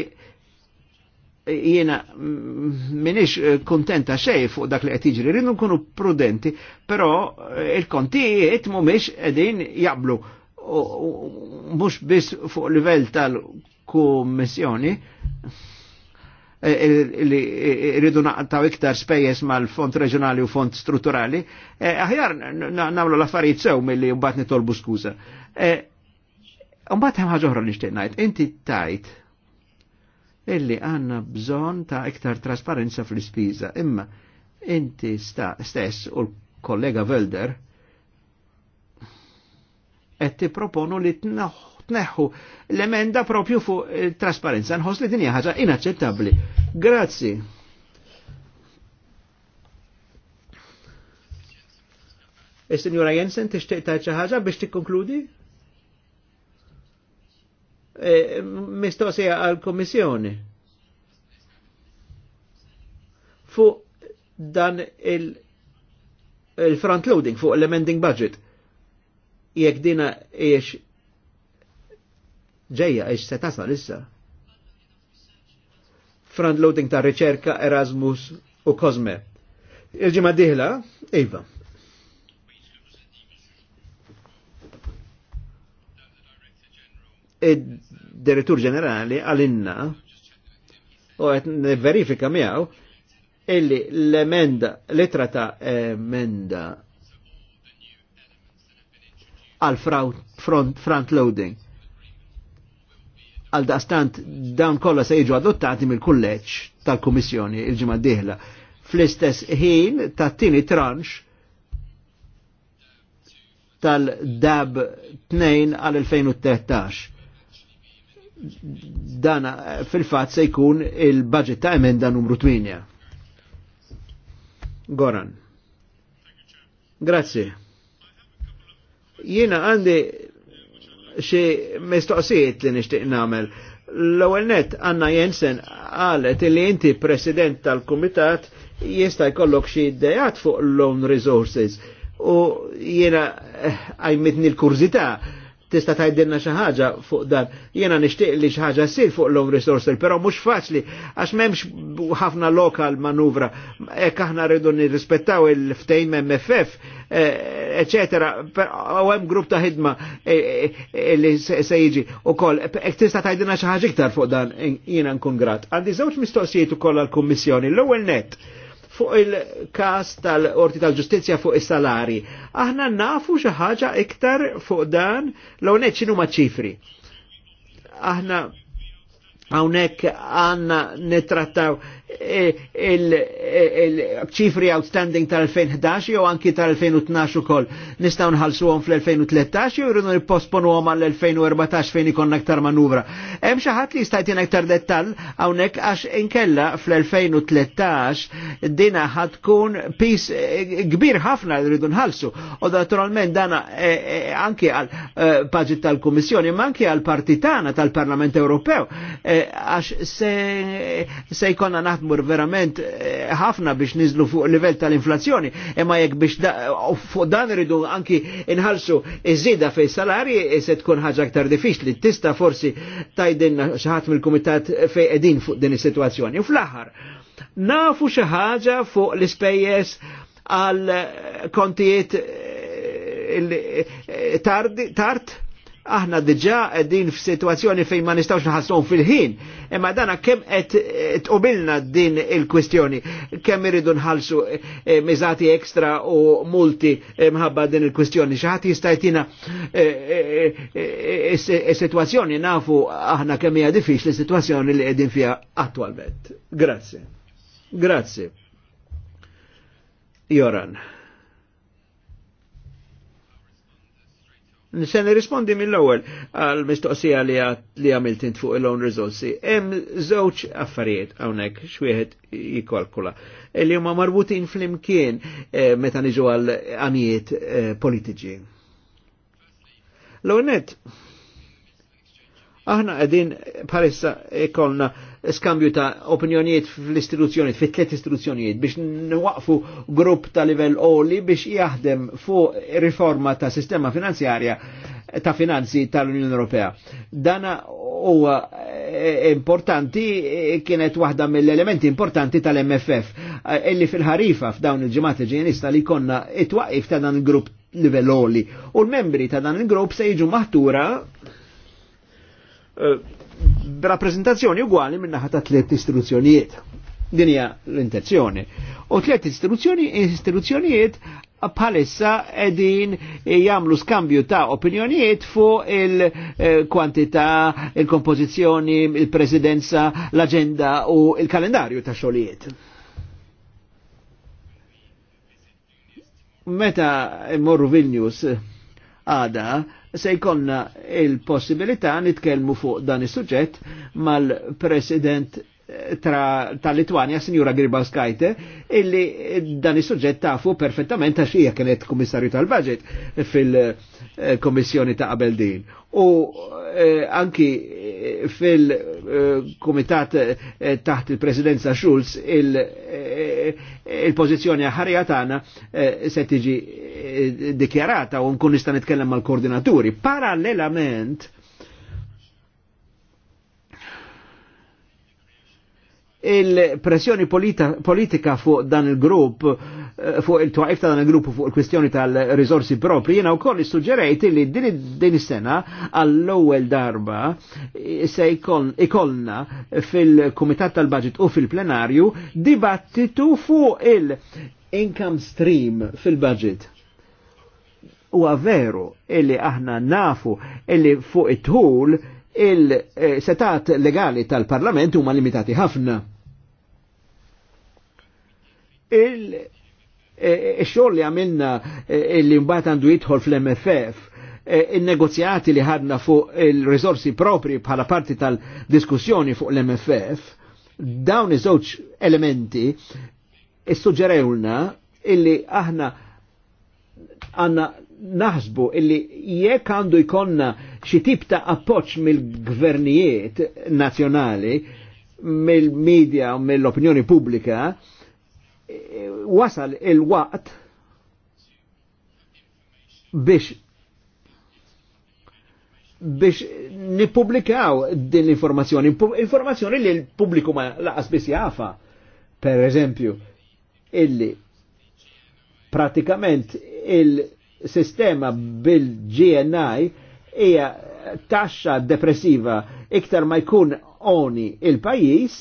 Speaker 2: jiena mm, minix kontenta xej fuq dak li qed jiġri, rridu nkunu prudenti, però il-kontijiet mhumiex qegħdin jaqblu mhux biss fuq livell tal-kummissjoni li rridu naqtaw iktar spejjeż mal-fond reġjonali u fond strutturali, e, aħjar nagħmlu l-affarijiet sew milli mbagħad nitolbu skuża. E, mbagħad hemm ħaġa oħra nixtieq ngħid, inti tajt illi għandna bżonn ta' iktar trasparenza fl-ispiża, imma inti stess u l-kollega Welder qed tipproponu li tnaħħu tneħħu l-emenda propju fuq eh, trasparenza. Nħoss li dinja ħaġa inaċċettabbli. Grazzi. Is-Sinjura e, Jensen tixtieq tgħid xi ħaġa biex tikkonkludi? E, mistoqsija għall-Kommissjoni. Fuq dan il-front loading fuq l-amending budget jekk dina jiex ġejja eċ se tasal issa. Front loading ta' riċerka, Erasmus u Cosme. Il-ġimma diħla, Iva. Id-direttur ġenerali għalinna u għet verifika miaw illi l-emenda, litra ta' emenda għal front, front, front loading għal daqstant dawn kollha se jiġu adottati mill-kulleġġ tal-Kummissjoni il-ġimgħa d-dieħla. Fl-istess ħin tat-tieni tranche tal-DAB 2 għal 2013. Dan fil-fatt se jkun il-budget ta' emenda numru 8. Goran. Grazie. Jiena għandi xi mistoqsijiet li nixtieq nagħmel. L-ewwel net Anna Jensen qalet li inti president tal-kumitat jista' jkollok xi iddejat fuq l-own resources u jiena eh, għajmitni l-kurzita tista' tajdilna xi ħaġa fuq dan. Jiena nixtieq li xi ħaġa ssir fuq l-om resources, però mhux faċli għax m'hemmx ħafna lokal manuvra. Hekk aħna rridu nirrispettaw il-ftejn MFF, eċetera, eh, u hemm grupp ta' ħidma eh, eh, li se jiġi ukoll. Hekk tista' tgħidilna xi ħaġa iktar fuq dan jiena nkun grat. Għandi żewġ mistoqsijiet ukoll għall-Kummissjoni. L-ewwel net fuq il-kas tal-Orti tal-Ġustizja fuq il salari Aħna nafu xaħġa iktar fuq dan l hawnhekk x'inhu maċifri. Aħna hawnhekk għandna nittrattaw il-ċifri outstanding tal-2011 jew anki tal-2012 ukoll nistgħu nħallsuhom fl-2013 jew nipposponu għom għall-2014 fejn ikon aktar manuvra. Hemm xi ħadd li jista' aktar dettall hawnhekk għax inkella fl-2013 dina ħad tkun pis eh, kbir ħafna li rridu nħallsu. U naturalment dana eh, eh, anki għal paġit tal-Kummissjoni ma anki għal partitana tal-Parlament Ewropew għax se jkollna naħdmu naħdmu verament eh, ħafna biex niżlu fuq livell tal-inflazzjoni, imma jekk biex fuq dan ridu anki inħalsu iż-żida fej salarji eh, se tkun ħaġa aktar diffiċli, tista' forsi tajdinna xi ħadd mill-kumitat fej qegħdin fuq din is-sitwazzjoni. U fl-aħħar, nafu xi ħaġa fuq l-ispejjeż għal kontijiet eh, tard aħna diġa din f-situazzjoni fejn ma nistawx naħaslom fil-ħin. Imma dana kemm qed eh, tqobilna din il-kwistjoni, kemm iridu nħalsu mizati eh, miżati ekstra u multi eh, mħabba din il-kwistjoni. ċaħat jista' jtina situazzjoni nafu aħna kemm hija diffiċli situazzjoni li qegħdin fiha attualment. Grazzi. Grazzi. Joran. Se nirrispondi mill-ewwel għal mistoqsija li li għamilt int fuq il-own resorsi. Hemm żewġ affarijiet hawnhekk x'wieħed jikkalkula li huma marbutin flimkien eh, meta niġu għal għanijiet eh, politiċi. l onet aħna qegħdin bħalissa ikolna e skambju ta' opinjonijiet fl-istituzzjonijiet, fit tliet istituzzjonijiet biex nwaqfu grupp ta' livell oli biex jaħdem fuq riforma ta' sistema finanzjarja ta' finanzi tal-Unjoni Ewropea. Dana huwa eh, importanti eh, kienet waħda mill-elementi importanti tal-MFF eh, illi fil-ħarifa f'dawn il il ġenista li konna it waqif ta' dan il-grupp livell oli. U l-membri ta' dan il-grupp se jiġu maħtura b'rappreżentazzjoni ugwali minna ħata tliet istituzzjonijiet. Din hija l-intenzjoni. U tliet istituzzjoni istituzzjonijiet bħalissa edin jamlu skambju ta' opinjonijiet fuq il-kwantità, il-kompożizzjoni, il-presidenza, l-agenda u il-kalendarju ta' xogħlijiet. Meta immorru Vilnius għada, se jkollna il-possibilità nitkellmu fuq dan is-suġġett mal-President tra tal litwania Signora Gribalskajte, illi dan is suġġett tafu perfettament għax hija kienet kummissarju tal-budget fil-Komissjoni ta' qabel din. U eh, anki eh, fil-Komitat eh, taħt il-Presidenza Schulz il-pożizzjoni eh, il ħarija tagħna eh, se tiġi eh, dikjarata u nkun nista' nitkellem mal-koordinaturi. Parallelament, il-pressjoni politika fuq dan il-grupp, eh, fuq il-twaqif ta' dan il-grupp fuq il-kwistjoni tal-rizorsi propri, jena u koll suġġerejti li din is-sena għall-ewwel darba se ikollna fil-Kumitat tal-Budget u fil-Plenarju dibattitu fuq il-income stream fil-budget. U veru illi aħna nafu illi fuq it tħul il-setat eh, legali tal-parlament huma limitati ħafna il-xogħol e, e, e, li għamilna li mbagħad għandu jidħol fl-MFF il-negozjati li ħadna fuq il-risorsi propri bħala parti tal-diskussjoni fuq l-MFF dawn iż-żewġ elementi issuġġerewlna illi aħna għanna naħsbu illi jekk għandu jkonna xi tip ta' appoġġ mill-gvernijiet nazzjonali, mill-medja u mill-opinjoni pubblika, wasal il-waqt biex biex nipublikaw din l-informazzjoni, informazzjoni li l publiku ma laqas biex jafa, per eżempju, illi pratikament il-sistema bil-GNI hija taxxa depressiva iktar ma jkun oni il-pajis,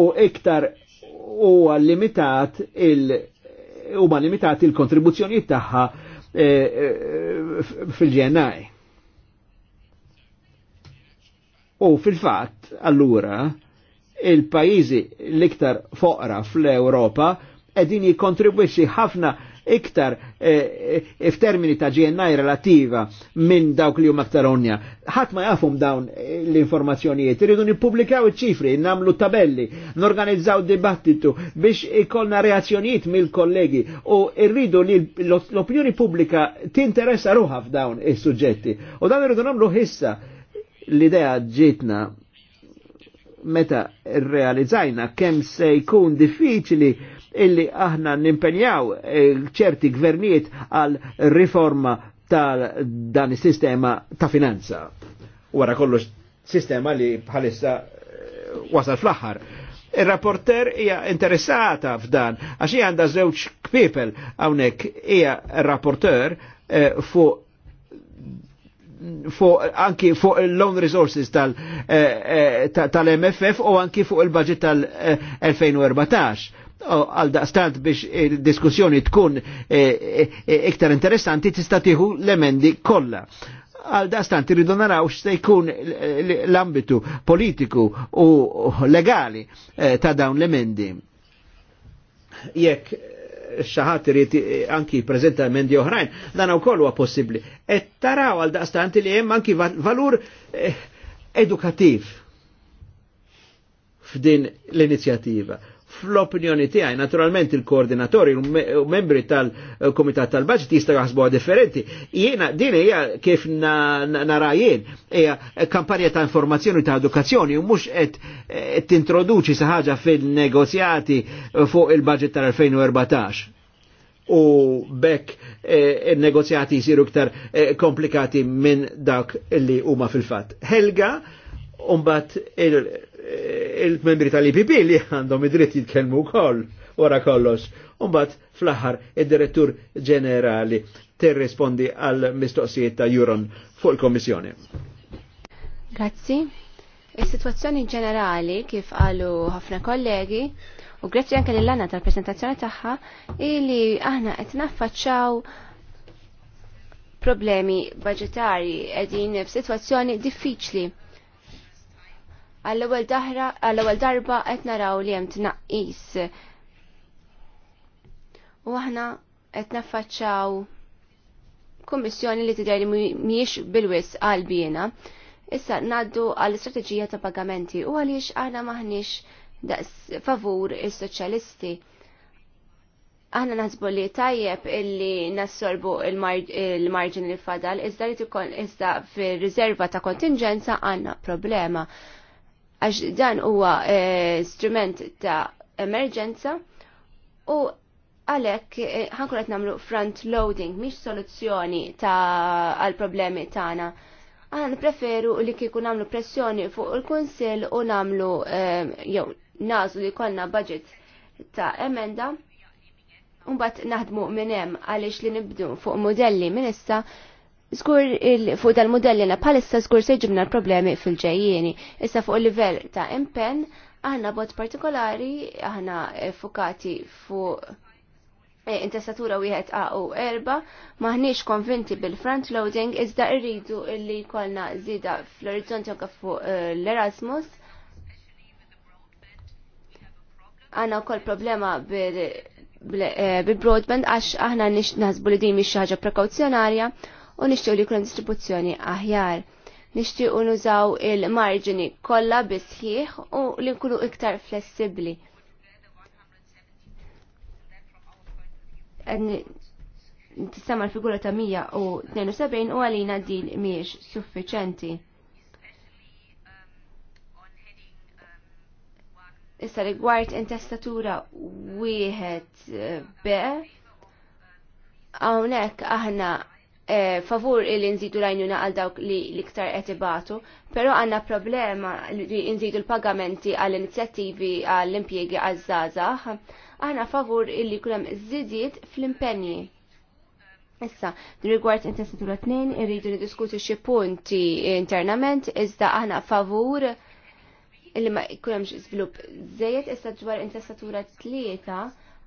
Speaker 2: u iktar u limitat il ma limitati il kontribuzzjonijiet tagħha e, eh, e, eh, fil ġennaj U fil-fatt, allura, il-pajjiżi l-iktar foqra fl europa qegħdin jikkontribwixxi ħafna iktar eh, eh, f'termini ta' GNI relativa minn dawk li huma aktar onja. Ħadd ma jafhom dawn eh, l-informazzjonijiet, iridu nippubblikaw iċ-ċifri, nagħmlu tabelli, norganizzaw dibattitu biex ikollna reazzjonijiet mill-kollegi u rridu li l-opinjoni pubblika tinteressa ruha f'dawn is-suġġetti. U dan irridu nagħmlu issa l-idea ġitna meta realizzajna kemm se jkun diffiċli illi aħna nimpenjaw eh, ċerti gvernijiet għal riforma tal dan is-sistema ta' finanza. Wara kollox sistema li bħalissa eh, wasal fl-aħħar. Il-rapporter hija interessata f'dan, għax hija għandha żewġ kpipel hawnhekk hija rapporter eh, fuq fuq anki fuq il-loan resources tal-MFF u anki fuq il-budget tal-2014. Oh, għal daqstant biex il-diskussjoni eh, tkun eh, eh, iktar interessanti tista' tieħu l-emendi kollha għal daqstant irridu naraw x'se jkun l-ambitu politiku u legali ta' dawn l-emendi. Jekk xaħat irrit anki prezenta emendi oħrajn, dan u kollu possibbli. Et taraw għal daqstant li jem anki valur edukativ f'din l-inizjativa fl-opinjoni tiegħi naturalment il-koordinatori u membri tal-Kumitat tal-Budget jistgħu jaħsbuha differenti. Jiena din hija kif nara jien hija kampanja ta' informazzjoni ta' edukazzjoni u mhux qed tintroduċi sa ħaġa fil-negozjati fuq il-budget tal-2014 u bekk eh, il negozjati jisiru iktar eh, komplikati minn dak li huma fil-fatt. Helga, umbat il- il-membri tal-IPP li għandhom id-dritt jitkellmu wkoll wara kollox. Umbat fl-aħħar id-direttur ġenerali ter-respondi għal mistoqsijiet ta' Juron fuq il-Kommissjoni.
Speaker 3: Grazzi. Is-sitwazzjoni ġenerali kif qalu ħafna kollegi u grazzi anke lil lana tal prezentazzjoni tagħha illi aħna qed naffaċċaw problemi budgetari qegħdin f'sitwazzjoni diffiċli għall-ewwel darba qed naraw li hemm tnaqqis. U aħna qed naffaċċaw kummissjoni li tidher li mhijiex bilwis qalbina. Issa ngħaddu għall-istrateġija ta' pagamenti u għaliex aħna maħniex daqs favur is-soċjalisti. Aħna naħsbu li tajjeb illi nassorbu il-marġin li fadal, iżda li iżda fir-riserva ta' kontingenza għandna problema għax dan huwa eh, strument ta' emerġenza u għalek eh, ħankun qed nagħmlu front loading mhix soluzzjoni ta' għal problemi tagħna. Aħna preferu li kieku nagħmlu pressjoni fuq il-Kunsill u nagħmlu eh, jew nażlu li konna budget ta' emenda u naħdmu minn hemm għaliex li nibdu fuq modelli minn issa Zgur fuq dal-modelli na palissa zgur se ġibna l-problemi fil ġejjini Issa fuq il-livell ta' impen, aħna bot partikolari, aħna fukati fuq eh, intestatura wieħed A u erba, maħniex konvinti bil-front loading, iżda irridu illi kolna zida fl-orizzonti anka fuq eh, l-Erasmus. Għana kol problema eh, bil-broadband għax aħna nix nasbu li din miex ħaġa prekawzjonarja u nixtiequ li jkun distribuzzjoni aħjar. Nixtiequ nużaw il-marġini kollha bisħiħ u li nkunu iktar flessibbli. Tistama l-figura ta' 172 u għalina din miex suffiċenti. Issa rigward intestatura wieħed eh, be hawnhekk aħna Eh, favur li nżidu lajnu għal dawk li liktar etibatu, pero għanna problema li nżidu l-pagamenti għall inizjattivi għall impiegi għal żazax għanna favur illi kullem zidiet fl-impenji. Issa, rigward intensitula 2, irridu nidiskutu xi punti internament, iżda aħna favur illi ma xie żvilupp. Zejjed issa dwar intestatura 3,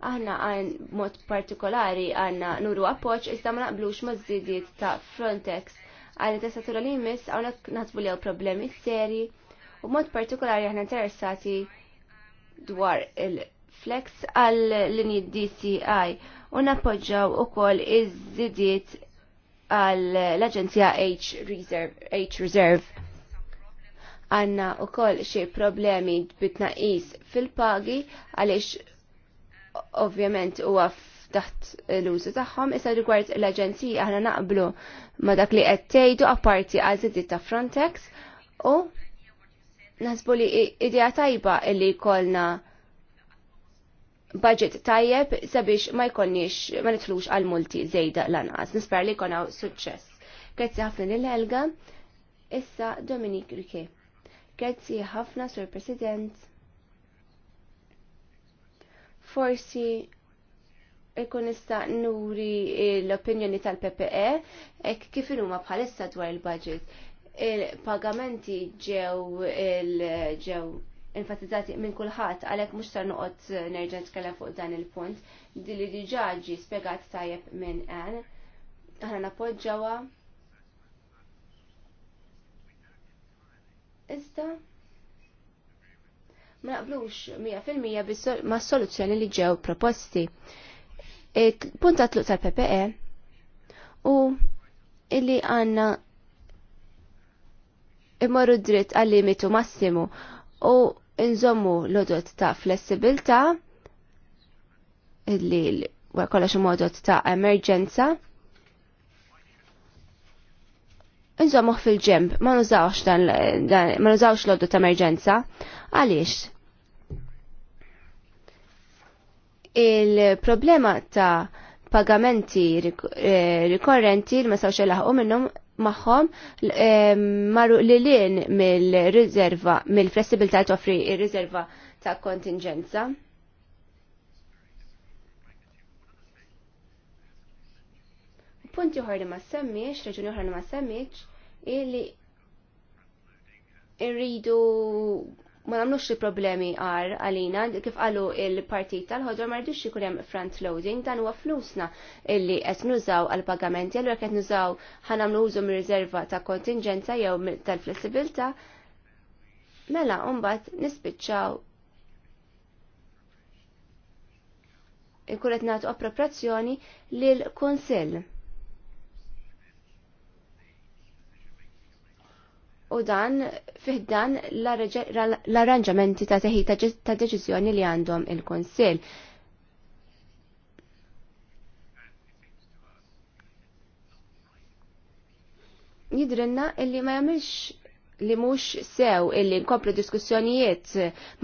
Speaker 3: Aħna għan mod partikolari għanna nuru appoċ iżda ma naqblux mażidiet żidiet ta' Frontex għalli tessatura li jmiss għawnek naħsbu li problemi seri u mod partikolari aħna interessati dwar il-flex għal linji DCI u nappoġġaw u koll iż-żidiet għal l-Aġenzija H Reserve. H
Speaker 1: -Reserve
Speaker 3: għanna u koll xie problemi bitnaqis fil-pagi għalix ovvjament huwa taħt l-użu tagħhom, issa rigward l-aġenzija aħna naqblu ma dak li qed tgħidu apparti għal ta' Frontex u naħsbu li idea tajba li jkollna budget tajjeb sabiex ma jkollniex ma nitflux għal multi żejda lanqas. Nisper li jkun suċċess. Grazzi ħafna lil Issa Dominik Rike. Grazzi ħafna Sur President. Forsi ikun nista' nuri l-opinjoni tal-PPE ek kif huma bħalissa dwar il-budget. Il-pagamenti ġew il-ġew enfatizzati minn kulħadd għalhekk mhux sar noqgħod nerġa' nitkellem fuq dan il-punt di li diġà ġi spjegat tajjeb minn Ann. Aħna nappoġġawha. Iżda ma naqblux 100% ma' soluzzjoni li ġew proposti. Punta tluq tal-PPE u illi għanna imorru dritt għal-limitu massimu u nżommu l-odot ta' flessibilta illi kollox modot ta' emerġenza Inżommuh fil ġemb ma nużawx l-oddu ta' emerġenza. Għaliex? Il-problema ta' pagamenti eh, rikorrenti li ma sawx laħqu minnhom magħhom eh, marru lilin mill-riserva, mill-flessibilità toffri ir-riserva ta' kontingenza. Punti uħar li ma semmiex, reġuni uħar li ma semmiex, illi irridu ma namlux li problemi għar għalina, kif għallu il-partit tal-ħodra ma rridux ikun hemm front loading, dan huwa flusna illi qed nużaw għal pagamenti, għallu qed nużaw ħanamlu użu mir-riserva ta' kontingenza jew tal-flessibilta, mela mbagħad nispiċċaw ikun qed nagħtu appropriazzjoni lil kunsill. u dan fiħdan l-arranġamenti ta' teħi ta' deċiżjoni li għandhom il-Konsil. Jidrinna illi ma jamilx li mhux sew illi nkomplu diskussjonijiet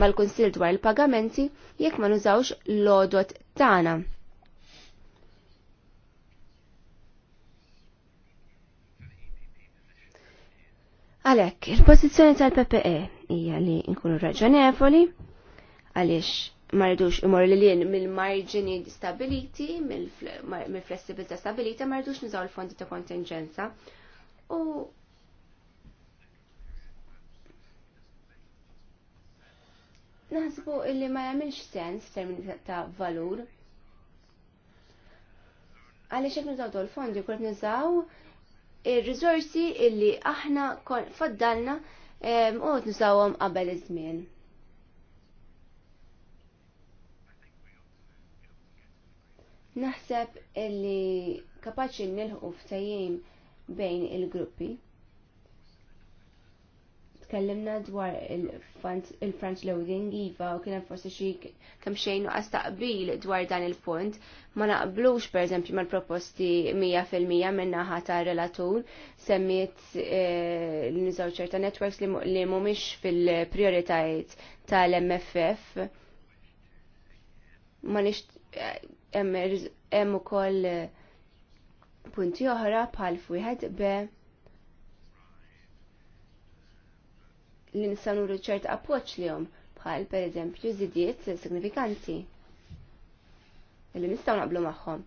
Speaker 3: mal konsil dwar il-pagamenti jekk ma nużawx l-odot tagħna. Għalek, il-pozizjoni tal-PPE hija li nkunu raġonevoli għaliex marridux imor li lien mill-marġini stabiliti, mill-flessibilità stabilita, marridux nizaw l-fondi ta' kontingenza. U naħsbu illi ma jagħmilx sens f'termini ta' valur. Għaliex qed nizaw dol fondi kull niżaw il riżorsi illi aħna kon faddalna u nużawhom qabel iż-żmien. Naħseb illi kapaċi nilħu f'tajjim bejn il-gruppi tkellimna dwar il-French loading iva u kienem forsi xi kemm xejn u taqbil dwar dan il-punt ma naqblux pereżempju mal-proposti 100% minn naħa ta' relatur semmiet eh, l-nizaw ċerta networks li mhumiex fil prioritajt tal-MFF ma nix hemm eh, ukoll eh, punti oħra bħal fwieħed be' li nistgħu nuru ċert appoġġ lihom bħal pereżempju żidiet signifikanti li nistgħu naqblu magħhom.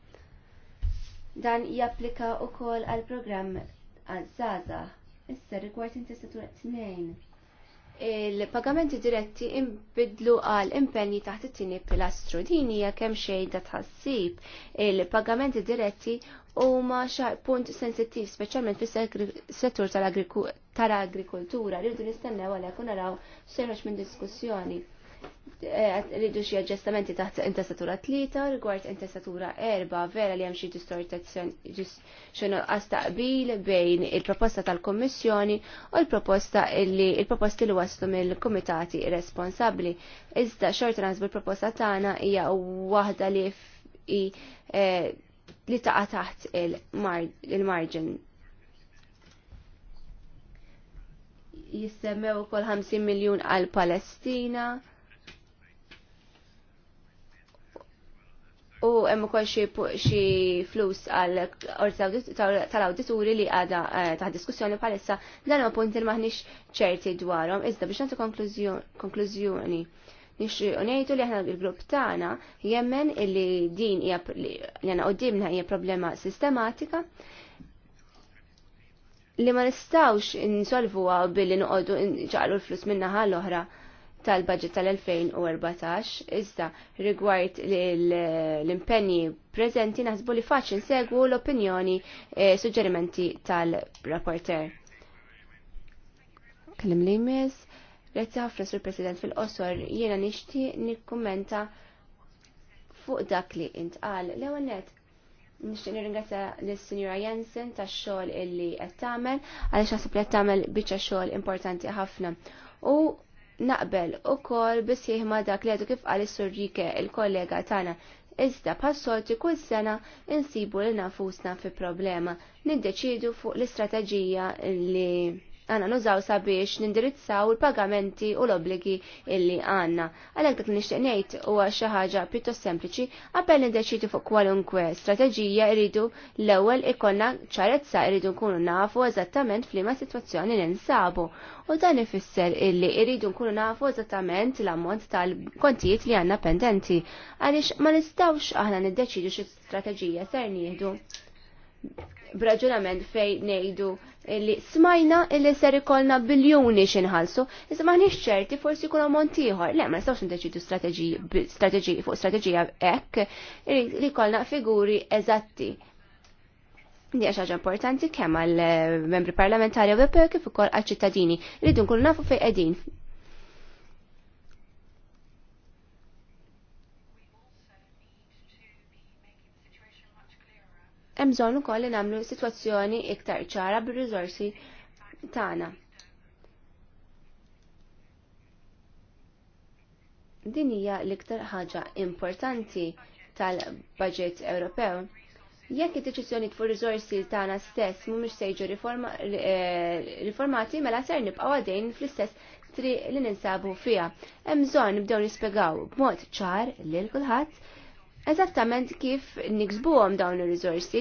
Speaker 3: Dan japplika wkoll għall programm għal żgħażagħ. issa rigward inti tnejn il-pagamenti diretti imbidlu għal impenni taħt it-tieni pilastru. Din hija kemm xejda tħassib il-pagamenti diretti huma xar punt sensittiv speċjalment fis-settur tal-agrikoltura rridu nistennew għalhekk u naraw xejn minn diskussjoni. Eh, rridu xi aġġestamenti taħt intestatura tlieta rigward intestatura erba vera li hemm xi distortazzjoni għastaqbil bejn il-proposta tal-Kommissjoni u l-proposta li il-proposti li waslu mill-kumitati responsabbli. Iżda xorta naħsbu l-proposta tagħna hija waħda li eh, li taqa' taħt il-margin jissemmew kol 50 miljon għal Palestina u hemm ukoll xi flus għal tal-awdituri li għadha eh, taħt diskussjoni bħalissa dan huwa punti li maħniex ċerti dwarhom iżda biex nagħtu konklużjoni. Nix unajtu li aħna il-grupp tagħna jemmen illi din hija li għana qudiemna hija problema sistematika li ma nistawx insolvuha billi noqogħdu ċaqlu l-flus minna l oħra tal-budget tal-2014, iżda rigward l-impenji prezenti naħsbu li faċli nsegwu l-opinjoni e, suġġerimenti tal-rapporter. Kellim li jmiss, Grazzi ħafna sur President fil-qosor jiena nixti nikkumenta fuq dak li intqal. L-ewwel net nixtieq nirringrazzja lis-Sinjura Jensen tax-xogħol illi qed tagħmel għaliex ħasib li qed tagħmel biċċa xogħol importanti ħafna. U naqbel u kol bisieħ ma dak li għadu kif għal surrike il-kollega tana. Iżda passolti kull sena insibu l nafusna fi problema. Niddeċidu fuq l-istrateġija li għanna nużaw sabiex nindirizzaw il-pagamenti u l-obligi illi għanna. Għalek dak nishtiqnejt ngħid huwa xi ħaġa pjuttost sempliċi, qabel nindeċidu fuq kwalunkwe strateġija irridu l-ewwel ikollna ċarezza irridu nkunu nafu eżattament f'liema sitwazzjoni ninsabu. U dan ifisser illi irridu nkunu nafu eżattament l-ammont tal-kontijiet li għanna pendenti. Għaliex ma nistawx aħna niddeċidu x strateġija ser nieħdu braġunament fej nejdu li smajna illi ser ikolna biljoni xinħalsu, iżda maħniex ċerti forsi kuna montiħor. Le, ma nistawx ndeċidu strategi fuq strateġija ek li kolna figuri eżatti. Di għax ħaġa importanti kemm għal membri parlamentari Ewropew kif ukoll għal ċittadini li dun kullu nafu fejn qegħdin hemm bżonn ukoll li nagħmlu sitwazzjoni iktar ċara bir-riżorsi tagħna. Din hija l-iktar ħaġa importanti tal-budget Ewropew. Jekk id-deċizjoni fuq riżorsi tagħna stess mhumiex se jiġu eh, riformati mela ser nibqgħu għadejn fl-istess tri li ninsabu fiha. Hemm bżonn nibdew nispjegaw b'mod ċar lil kulħadd eżattament kif niksbuhom dawn ir-riżorsi.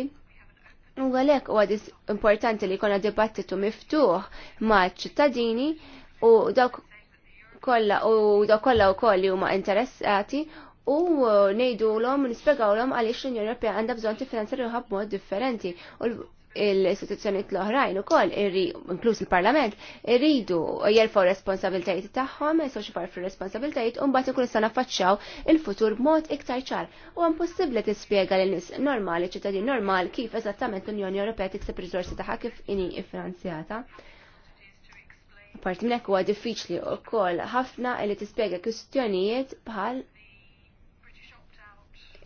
Speaker 3: U għalek u għadis importanti li konna dibattitu miftuħ ma' ċittadini u dawk kolla u dawk kolla u kolli li huma interessati u nejdu l-om nispegaw l-om għalix l-Unjoni Ewropea għandha bżon tiffinanzjarju ħab mod differenti il-istituzzjonijiet l-oħrajn ukoll inkluż il-Parlament irridu jerfgħu responsabiltajiet tagħhom, jistgħu farfu responsabiltajiet u mbagħad ikun sa' naffaċċjaw il-futur b'mod iktar ċar. U impossibbli tispjega lil nies normali, ċittadin normal kif eżattament l-Unjoni Ewropea tikseb riżorsi tagħha kif inhi iffinanzjata. Apart minn hekk huwa diffiċli wkoll ħafna li tispjega kwistjonijiet bħal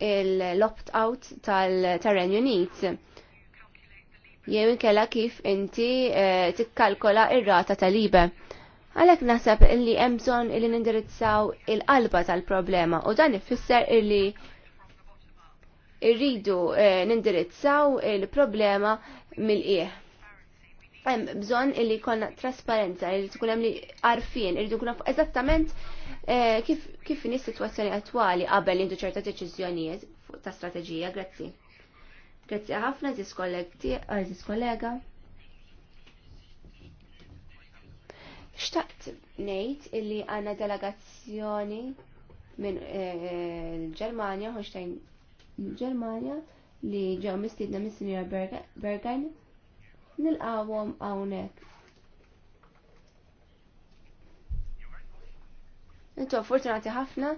Speaker 3: l-opt-out tal-Renju Unit jew inkella kif inti eh, tikkalkola ir-rata tal-ibe. Għalhekk naħseb illi hemm bżonn illi nindirizzaw il-qalba tal-problema u dan ifisser illi irridu eh, nindirizzaw il-problema mill-qieħ. Hemm bżonn illi jkollna trasparenza, illi tkun hemm li għarfien, irridu nkun eżattament eh, kif kif situazzjoni attwali qabel intu ċerta deċiżjonijiet ta' strateġija, grazzi. Grazzi ħafna tis kollega. Xtaqt nejt illi għanna delegazzjoni minn l-Germania, eh, Hoxtajn germania li ġew mistidna minn Sinjor Bergajn, nil-qawom għawnek. Intu fortunati ħafna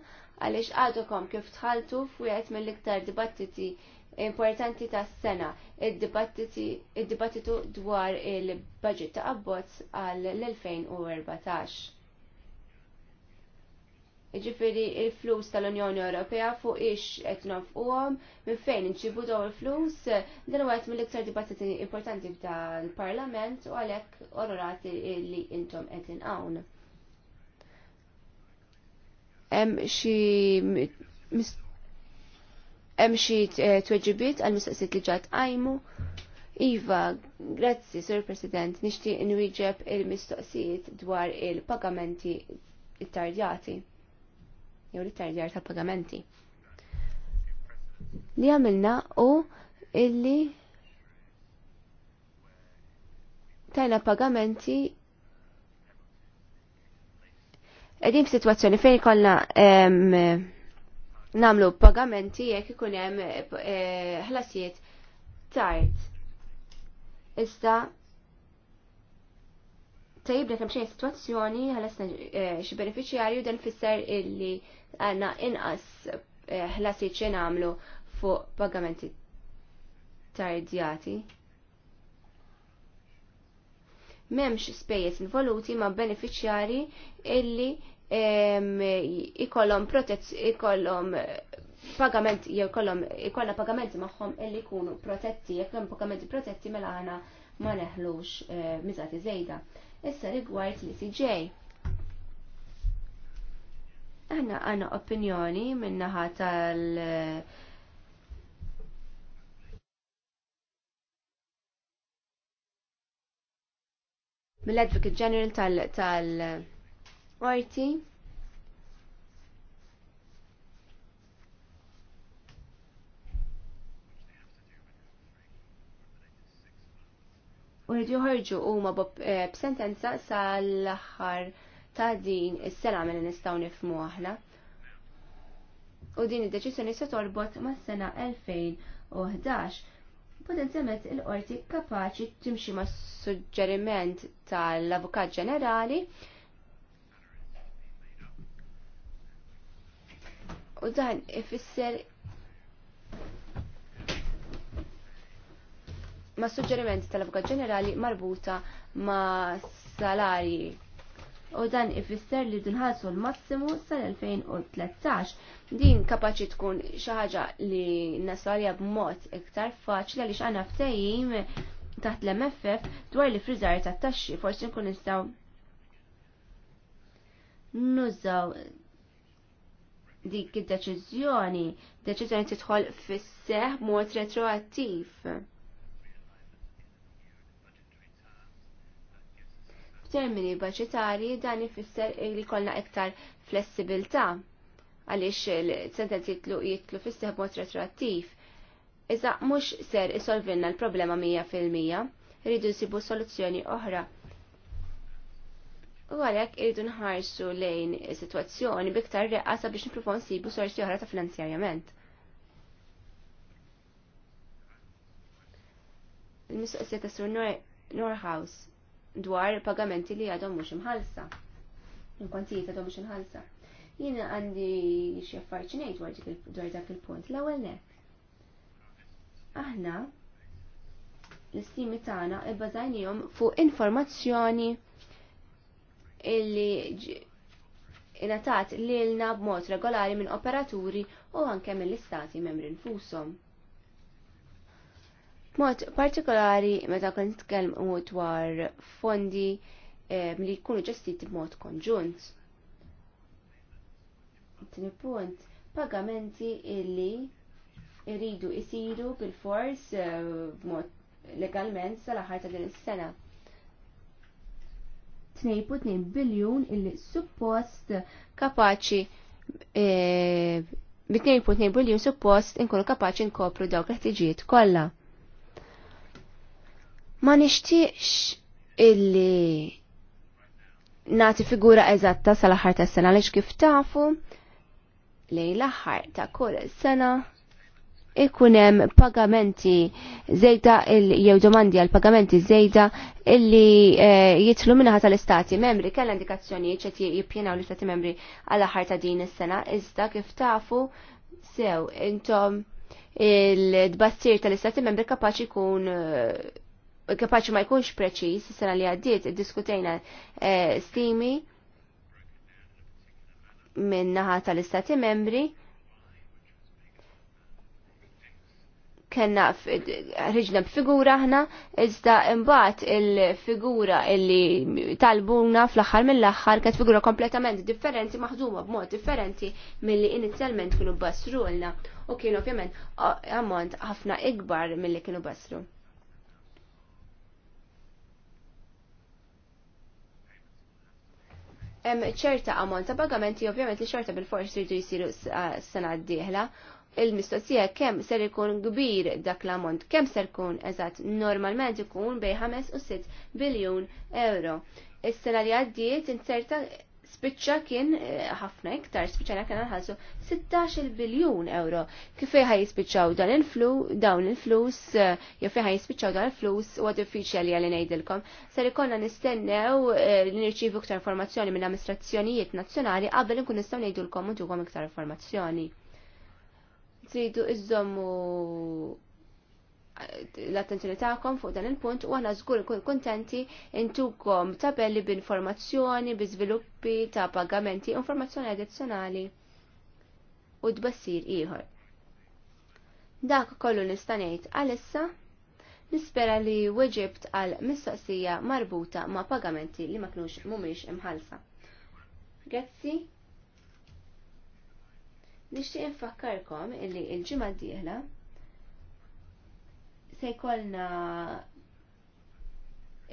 Speaker 3: għaliex għadukom kif tħaltu f'wieħed mill-iktar dibattiti importanti tas sena id-dibattitu dwar il-budget ta' abbozz għal l-2014. Ġifiri il-flus tal-Unjoni Ewropea fuq ix qed nofquhom minn fejn inċibu daw il-flus dan huwa qed mill-iktar dibattiti importanti tal-Parlament u għalhekk onorati li intom qed inqawn. Hemm xi hemm xi tweġibiet għal mistoqsijiet li ġat għajmu. Iva, grazzi, Sur President, nixtieq inwieġeb il-mistoqsijiet dwar il-pagamenti it-tardjati. Jew l-tardjar ta' pagamenti Li għamilna u illi tajna pagamenti Edin f-situazzjoni fejn kollna namlu pagamenti jekk ikun hemm eh, ħlasijiet tard. Issa tajibna kemm xejn sitwazzjoni ħalasna xi eh, benefiċjarju dan fisser illi għandna inqas eh, ħlasijiet xejn għamlu fuq pagamenti tardjati. Memx spejjeż involuti ma' beneficjari illi ikollom protezz ikollom pagament jew kollhom ikollna pagamenti magħhom illi kunu protetti, jekk hemm pagamenti protetti mela għana ma neħlux eh, mizati zejda. Issa rigward li CJ. Għanna għanna opinjoni min-naħa tal- mill-Advocate General tal-, tal Orti. Urridu juħarġu u ma eh, b'sentenza sal ħar ta' din is-sena minn mela nistgħu nifhmu aħna. U din id-deċiżjoni se torbot mas-sena 2011 Potenzjament il-qorti kapaċi timxi ma' suġġeriment tal-Avukat Ġenerali U dan ifisser ma' suġġerimenti tal-Avukat Ġenerali marbuta ma' salari. U dan ifisser li dinħalsu l-massimu sal-2013. Din kapaċi tkun xaħġa li nasalja b'mod iktar faċli għaliex għana ftejim taħt l-MFF dwar li frizzar ta' taxxi forsi nkun nistaw nużaw dik id-deċiżjoni, deċiżjoni tidħol fis-seħ mod retroattiv. F'termini baċitarji dan ifisser li kollna iktar flessibilità għaliex il-sentenzi jitlu jitlu fis-seħ mod retroattiv. Iżda mhux ser isolvilna l-problema mija fil-mija, rridu jsibu soluzzjoni oħra U għalhekk irridu nħarsu lejn is-sitwazzjoni biktar reqqasa biex nippruvaw nsibu sorsi oħra ta' finanzjarjament. Il-mistoqsija ta' Sur Norhouse dwar pagamenti li għadhom mhux imħalsa, Il-kwantijiet għadhom mhux imħalsa. Jiena għandi xi affarijiet ngħid dwar dak il-punt. L-ewwel nek. Aħna l-istimi tagħna bbażajnihom fuq informazzjoni illi inatat lilna b'mod regolari minn operaturi u anke mill-istati membri nfushom. Mod partikolari meta kun nitkellmu dwar fondi eh, li jkunu ġestiti b'mod konġunt. Tini punt, pagamenti illi iridu isiru bil-fors eh, b'mod legalment sal-aħħar ta' din is-sena. 2.2 biljun illi suppost kapaċi e, bi 2.2 biljun suppost inkunu kapaċi nkopru dawk l-ħtiġijiet kollha. Ma nixtieqx illi nati figura eżatta sal-aħħar tas-sena għaliex kif tafu lejn l-aħħar ta' kull sena ikunem pagamenti zejda jew domandi għal pagamenti zejda illi eh, jitlu minnaħat tal-istati membri kella indikazzjoni ċet u l-istati membri għal aħħar ta' din is-sena iżda kif tafu sew intom il-dbassir tal-istati membri kapaċi kun eh, kapaċi ma jkunx preċiż is-sena li għaddiet id-diskutejna eh, stimi minnaħa tal-istati membri kena b b'figura ħna, iżda imbagħad il-figura illi talbuna fl-aħħar mill-aħħar kat figura kompletament differenti maħduma b'mod differenti milli inizjalment kienu basrulna u kienu ovvjament għamont ħafna ikbar milli kienu basru. ċerta għamont ta' pagamenti ovvjament li xorta bil-fors jridu jisiru s-sena d-dieħla il-mistoqsija kemm ser ikun kbir dak l-ammont, kemm ser ikun eżatt normalment ikun bej 5 u 6 biljun euro. Is-sena li għaddiet inserta spiċċa kien eh, ħafna iktar, spiċċa kien nħallsu 16 biljun euro. Kif ħaj jispiċċaw dan il dawn il-flus, eh, jew fejn ħaj jispiċċaw dan il-flus u għad uffiċjali għalli ngħidilkom. Ser ikollna nistennew eh, li nirċivu iktar informazzjoni minn amministrazzjonijiet nazzjonali qabel inkun nistgħu ngħidulkom u iktar informazzjoni tridu iżommu eh, l-attenzjoni tagħkom fuq dan il-punt u għana żgur kull kuntenti intukom tabelli b'informazzjoni, bi żviluppi ta' pagamenti, informazzjoni addizzjonali u d-bassir ieħor. Dak kollu nista' ngħid għalissa nispera li weġibt għal mistoqsija marbuta ma' pagamenti li ma knux mhumiex imħalsa. Grazzi. Nixtieq infakkarkom illi il-ġimgħa d-dieħla se jkollna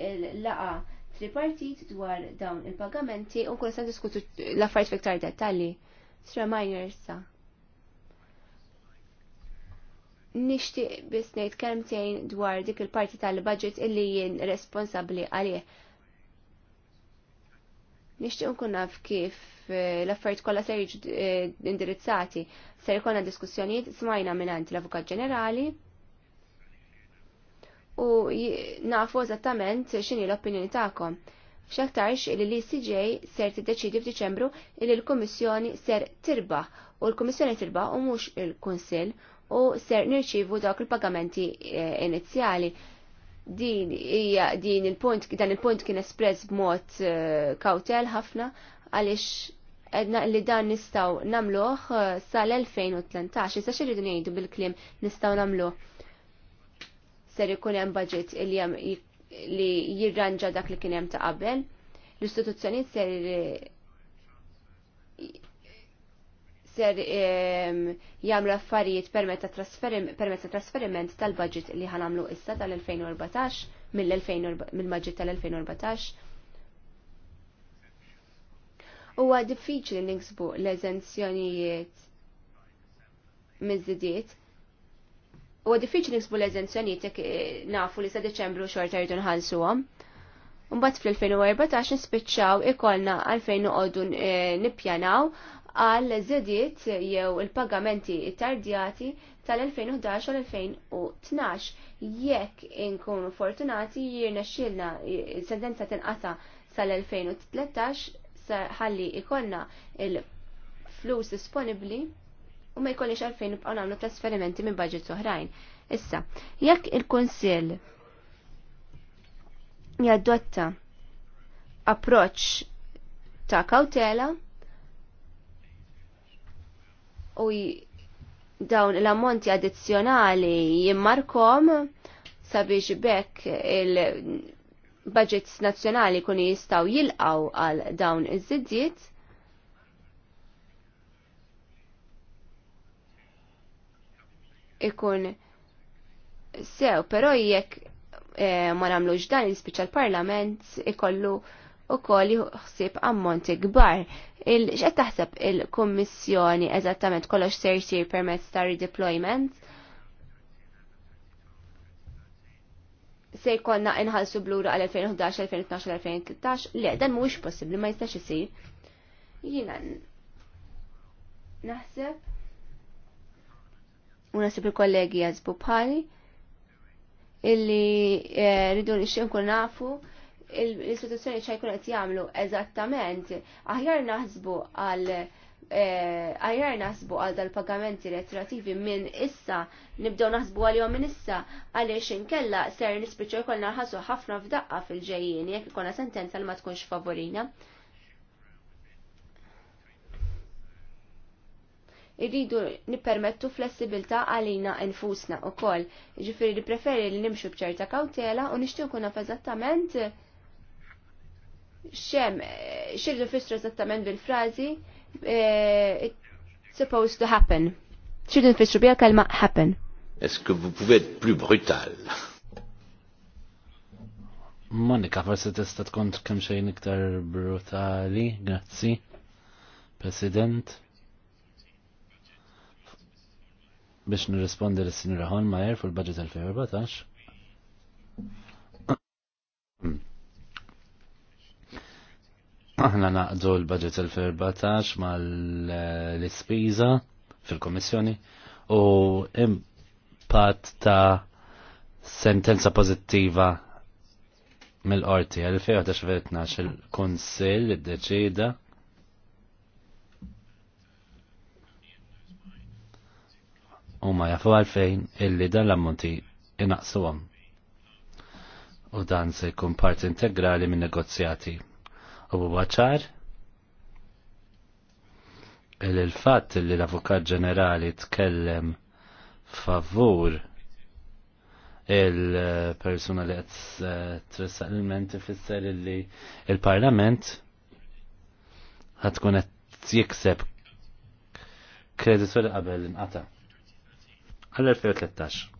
Speaker 3: il-laqa tripartit dwar dawn il-pagamenti u nkun se diskutu l-affarijiet fiktar dettalji. Sra Minor sa. Nixtieq biss ngħid kelmtejn dwar dik il-parti tal-budget illi jien responsabbli għalih Nixtieq nkun naf kif eh, l-affarijiet kollha ser jiġu eh, indirizzati ser jkollna diskussjonijiet smajna mingħand l-Avukat Ġenerali u nafu eżattament x'inhi l-opinjoni tagħkom. X'aktarx li l-ECJ ser tiddeċidi f'Diċembru li l-Kummissjoni ser tirbaħ u l-Kummissjoni tirbaħ u mhux il-Kunsill u ser nirċivu dawk il-pagamenti eh, inizjali din hija din il-punt dan il-punt kien espress b'mod kawtel eh, ħafna għaliex edna li dan nistaw namluħ eh, sal-2013, issa xirridu ngħidu bil-klim nistaw namluħ. Ser ikun hemm budget li jirranġa dak li kien hemm ta' qabel. L-istituzzjonijiet ser eh, ser jagħmlu affarijiet permezz ta' trasferiment tal-budget li ħanamlu issa tal-2014 mill-budget tal-2014. Huwa diffiċli niksbu l-eżenzjonijiet miż-żidiet u diffiċli nixbu l-eżenzjonijiet jekk eh, nafu li sa Deċembru xorta rridu nħallsuhom. Mbagħad fl-2014 nispiċċaw ikolna għalfejn noqogħdu eh, nippjanaw għal zedit jew il-pagamenti tardjati tal-2011-2012. Jekk inkunu fortunati jirna xilna sentenza tinqata sal-2013 ħalli ikonna il-flus disponibli u ma jkollix għalfejn bqaw nagħmlu trasferimenti minn budget oħrajn. Issa, jekk il-Kunsill jadotta approċċ ta' kautela, u dawn l-ammonti addizzjonali jimmarkom sabiex bekk il-budgets nazzjonali kun jistaw jilqaw għal dawn iż-żiddiet. Ikun sew, pero jekk eh, ma namlux dan il special Parlament ikollu e u koll jħsib ammonti gbar. X'qed taħseb il-Kummissjoni eżattament kollox ser jsir permezz ta' redeployment? Se jkollna inħallsu blura għal 2011, 2012, 2013, le dan mhuwiex possibbli ma jistax isir. Jiena naħseb unasib il-kollegi jazbu bħali illi eh, rridu nixxin kun nafu l-istituzzjoni ċajkun qed jagħmlu eżattament aħjar naħsbu għal għajjar eh, naħsbu għal dal-pagamenti retrativi minn issa, nibdew naħsbu għal jom minn issa, għaliex inkella ser nispiċu jkollna ħasu ħafna f'daqqa fil-ġejjien, jekk ikolna sentenza li ma tkunx favorina. Irridu nippermettu flessibilta għalina infusna u koll, ġifiri li preferi li nimxu bċerta kautela u nishtu kuna f'eżattament eżattament xem, xirri fissru esattament bil-frazi, e, it's supposed to happen. Xirri fissru bija kalma happen.
Speaker 1: Est-ce que vous pouvez être plus brutal? Monika, forse tista tkun kemm xejn iktar brutali, grazzi. President. Biex nirrispondi l sinjura Holmeyer fil-budget 2014. Aħna naqdu l-budget 2014 mal-ispiża fil-Komissjoni u impatt ta' sentenza pozittiva mill-qorti 2011 il-Kunsill deċida u ma jafu għalfejn illi dan l-ammonti inaqsuhom. U dan se jkun parti integrali minn negozjati Abu għacħar il-fat li l-Avukat Ġenerali tkellem favur il-persuna li għed eh, tressa l-menti fisser li il-Parlament ħatkun qed jikseb kredit li l inqata. Għall-2013.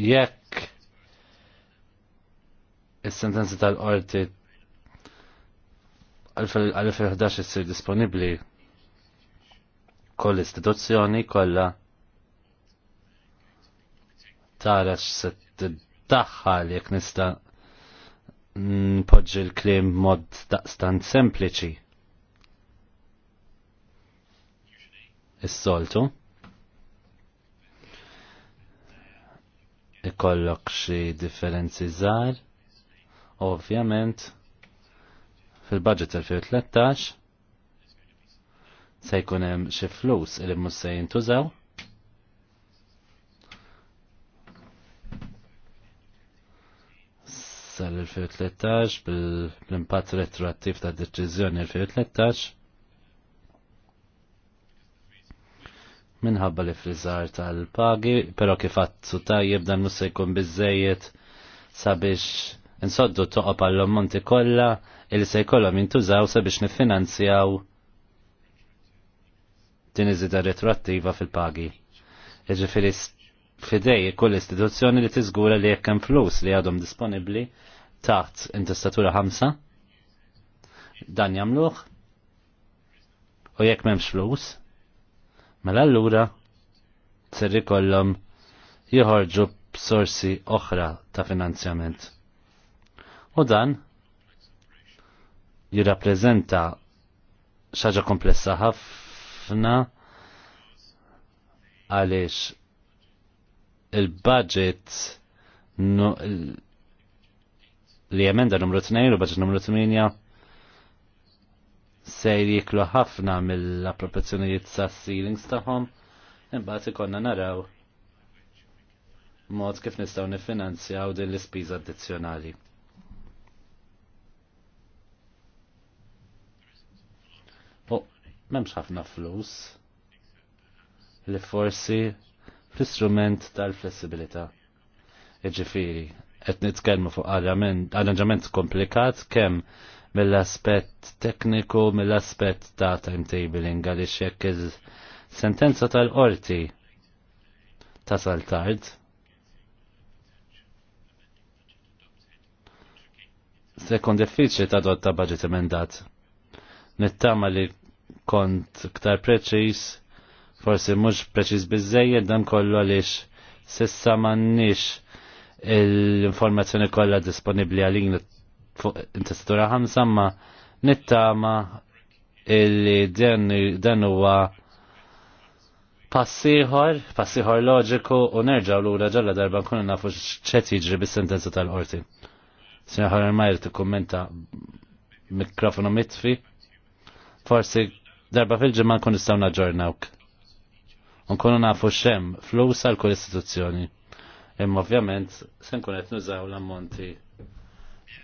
Speaker 1: jekk is-sentenzi tal-qorti għal-2011 issir disponibbli koll istituzzjoni kollha tara x'se tiddaħħal jekk nista' npoġġi l-kliem mod daqstant sempliċi. Is-soltu. ikollok xi differenzi żgħar. Ovvjament fil-budget 2013 se jkun hemm xi flus li mhux se jintużaw. Sal-2013 bil-impatt retroattiv ta' deċiżjoni 2013 minħabba li frizzar tal-pagi, pero kifat su tajjeb dan musa jkun bizzejiet sabiex insoddu toqob għall ommonti kollha il se jkollhom jintużaw sabiex niffinanzjaw din iżida retroattiva fil-pagi. Iġifieri fidej kull istituzzjoni li tiżgura li jekk hemm flus li għadhom disponibbli taħt intestatura ħamsa dan jagħmluh u jekk m'hemmx flus Mela allura ser ikollhom jħorġu b'sorsi oħra ta' finanzjament. U dan jirrappreżenta xaġa komplessa ħafna għaliex il-budget li jemenda numru 2 u budget numru 8 sejr jiklu ħafna mill-appropriazzjonijiet sa' sealings tagħhom, imbagħad ikonna naraw mod kif nistgħu nifinanzjaw din l-ispiża addizzjonali. U m'hemmx ħafna flus li forsi fl-istrument tal-flessibilità. Iġifieri, qed nitkellmu fuq arranġament komplikat kemm mill-aspett tekniku, mill-aspett ta' timetabling għaliex jekk il-sentenza tal-qorti ta' tard. Sekon diffiċli ta' ta' budget emendat. Nittama li kont ktar preċis, forsi mhux preċis bizzejjed dan kollu għaliex sissa m'għandniex l-informazzjoni kollha disponibbli għalin fuq intestatura ħamsa ma nittama illi dan huwa passiħor, passiħor loġiku u nerġaw l-ura ġalla darba nkunu nafu xċet jiġri bis-sentenza tal-qorti. Sinja ħarar Majer tikkummenta mikrofonu mitfi, forsi darba fil-ġimma nkunu nistgħu naġġornawk. Nkunu nafu xem flus għal kull istituzzjoni. Imma ovvjament se nkun qed nużaw l-ammonti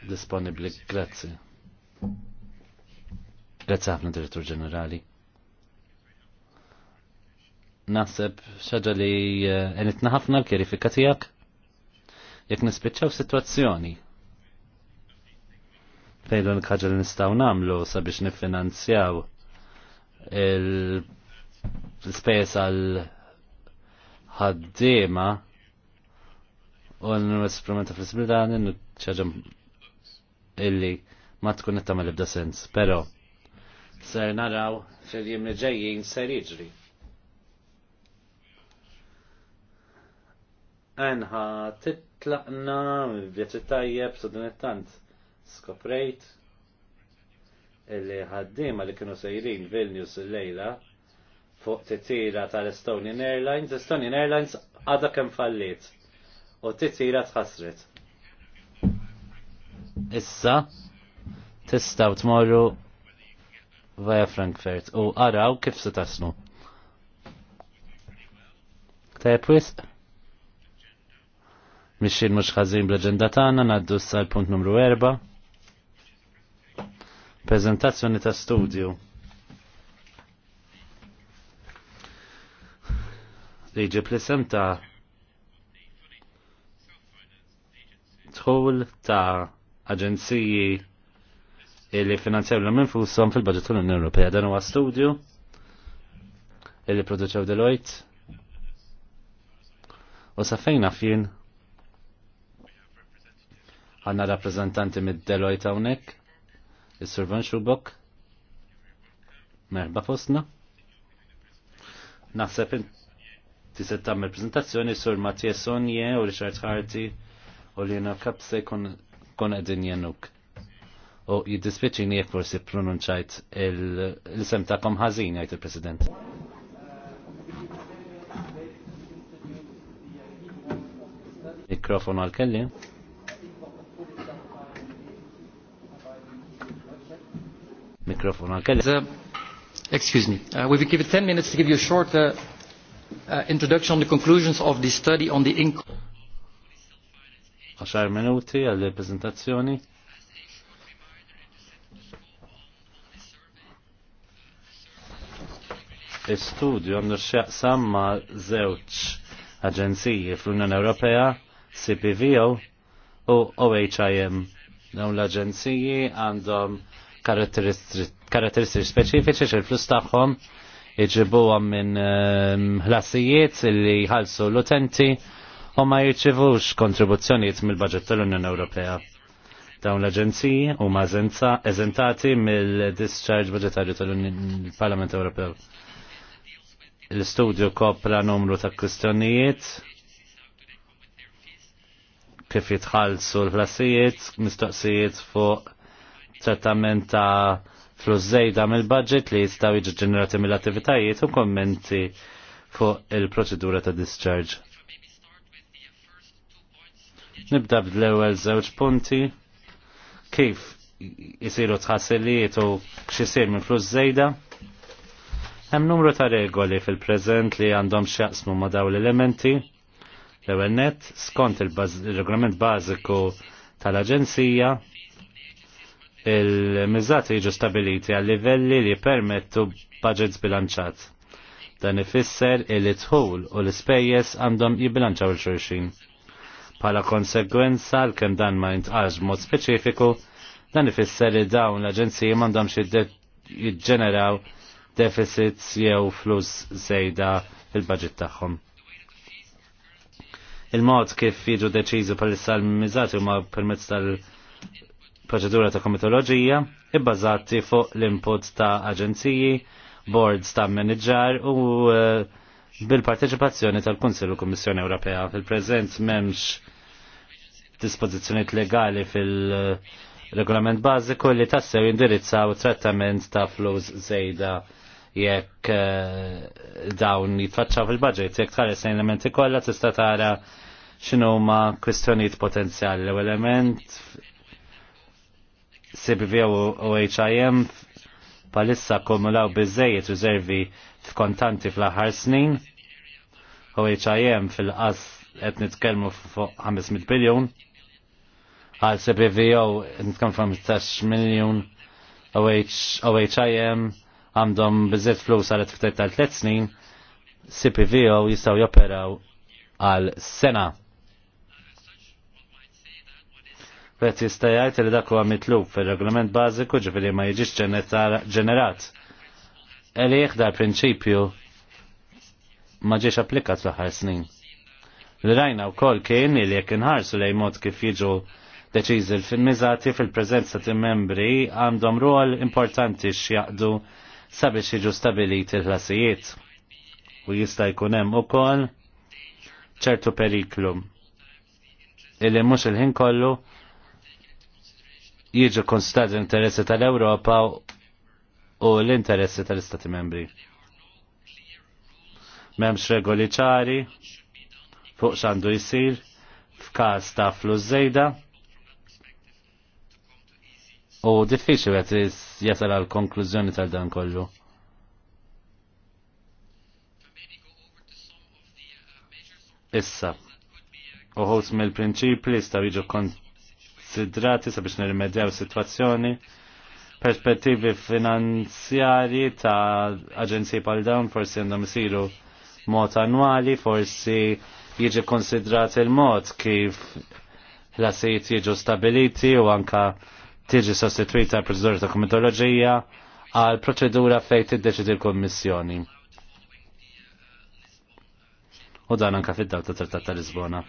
Speaker 1: disponibli. Grazzi. Grazzi ħafna Direttur Ġenerali. Naħseb xaġa li għenitna eh, ħafna l-kjerifika tijak. Jek nispiċċaw situazzjoni. Fejlu l kħagġa li nistaw namlu sabiex nifinanzjaw il-spejs għal ħaddima u l-esperimenta flessibilità ċaġa illi ma tkun qed tagħmel ebda sens, però ser naraw fil-jiem li ġejjin ser jiġri. Enħa titlaqna vjaċi tajjeb it-tant skoprejt illi ħaddiema li kienu sejrin Vilnius il-lejla fuq titira tal-Estonian Airlines, Estonian Airlines għada kem fallit u titira tħasret issa tistaw tmorru vaja Frankfurt u araw kif se tasnu. Tajab wis? Mixin mux ħazin bl-ġenda tagħna naddu issa l-punt numru 4. Prezentazzjoni ta' studju. Li plisem ta' tħul ta' aġenziji li finanzjaw l minfusom fil-budget tal-Unjoni Ewropea. Dan huwa studio. illi produċew Deloitte. U sa fejna fin għanna rappresentanti mid-Deloitte hawnhekk, is-Sur Van Schubok. Merba fostna. Naħseb tiset tagħmel prezentazzjoni sur Mattia Sonje u Richard Harti u Lina Kapse kon kon għedin januk. U jiddispieċini jek forsi pronunċajt il-sem ta' komħazin, għajt il-President. Mikrofon għal-kelli. Mikrofon għal-kelli. Excuse me. Uh, we will give it 10 minutes to give you a short uh, uh, introduction on the conclusions of the study on the income. 10 minuti għall prezentazzjoni Istudju għandu xieqsam ma' zewċ aġenziji fl-Unjoni Ewropea, CPVO u OHIM. Dawn l-aġenziji għandhom karatteristiċi speċifiċi xil-flus tagħhom iġibuhom minn ehm, ħlasijiet li jħallsu l-utenti u ma jirċivux kontribuzzjonijiet mill-budget tal-Unjoni Ewropea. Dawn l-aġenziji huma eżentati mill-discharge budgetarju tal-Parlament Ewropew. L-istudju kopra numru ta' kwistjonijiet kif jitħallsu l-flasijiet, mistoqsijiet fuq trattament ta' flus zejda mill-budget li jistaw jiġi ġenerati mill-attivitajiet u kommenti fuq il-proċedura ta' discharge. Nibda bl-ewwel żewġ punti kif jisiru tħassiliet u x'isir minn flus żejda. Hemm numru ta' regoli fil-preżent li għandhom x'jaqsmu ma' dawn l-elementi. L-ewwel net skont il-regolament bażiku tal-Aġenzija il mizzati jiġu stabiliti għal livelli li permettu budgets bilanċat. Dan ifisser il-tħul u l-ispejjeż għandhom jibbilanċaw il-xulxin. il xurxin il xulxin Pala konsegwenza l-kem dan ma jintqax mod speċifiku, dan ifisser li dawn l-aġenziji m'għandhomx jiġġeneraw deficits jew flus żejda fil-budget tagħhom. Il-mod kif jiġu deċiżi palissa l-mizzati huma permezz tal-proċedura ta' komitoloġija ibbażati fuq l-input ta' aġenziji, boards ta' manager u uh, bil-parteċipazzjoni tal-Kunsill u Kummissjoni Ewropea. Fil-preżent m'hemmx dispożizzjonijiet legali fil-regolament bażiku li tassew indirizzaw trattament ta' flus żejda jekk eh, dawn jitfaċċaw fil-budget, jekk tħares elementi kollha tista' tara x'inhu ma kwistjonijiet potenzjali. L-element CBV u HIM palissa kumulaw biżejjed riservi f'kontanti fl-aħħar snin, u HIM fil-qas qed nitkellmu fuq 500 biljun, għal CPVO nitkellmu fuq 15 miljun, u HIM għandhom biżiet flus għal ftit tal 3 snin, CPVO jistgħu joperaw għal sena. Bet jistajajt jgħid li dak huwa mitlub fir-reglament bażiku ġifieri ma jiġix ġenerat Eliħ dar prinċipju ma ġiex applikat l-ħar snin. L-rajna u kol kien il jek nħarsu lej mod kif jiġu deċiżi fil-mizati fil-prezenza ta' membri għandhom rol importanti x'jaqdu sabiex jiġu stabilit l-ħlasijiet. U jista' jkun hemm ukoll ċertu periklu illi mhux il-ħin kollu jiġu konsidrat interessi tal-Ewropa u l-interessi tal-Istati membri. Memx regoli ċari fuq xandu jisir f'każ ta' flus żejda u diffiċli għet jasal għal konklużjoni tal dan kollu. Issa, uħut mill-prinċipli staw jiġu konsidrati sabiex nirrimedjaw situazzjoni. situazzjoni perspettivi finanzjari ta' aġenziji pal dawn forsi għandhom isiru mod annwali, forsi jiġi konsidrat il-mod kif l-assijiet jiġu stabiliti u anka tiġi sostituita l ta' komitoloġija għal proċedura fejn tiddeċidi l-Kommissjoni. U dan anka fid dawl ta' Trattat ta' Lisbona.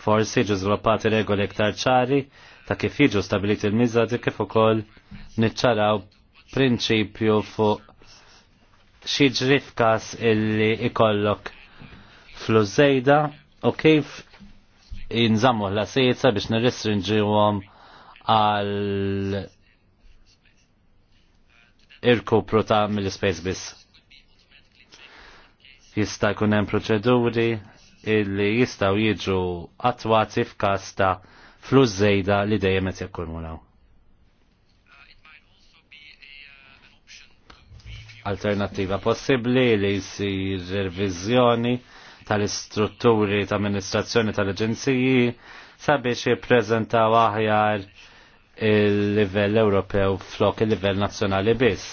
Speaker 1: Forsi ġi żviluppati regoli iktar ċari ta' kif jiġu stabiliti l-mizzati kif ukoll niċċaraw prinċipju fuq xi ġri f'każ illi ikollok flus żejda u kif jinżammu l sejza biex nirrestrinġihom għal irkupru ta' mill-space biss. Jista' jkun hemm proċeduri illi jistgħu jiġu attwati f'każ ta' flus zejda li dejjem qed jakkumulaw. Alternattiva possibbli li jsir revizjoni tal-istrutturi ta' amministrazzjoni tal-aġenziji sabiex jippreżentaw aħjar il-livell Ewropew flok il-livell nazzjonali biss.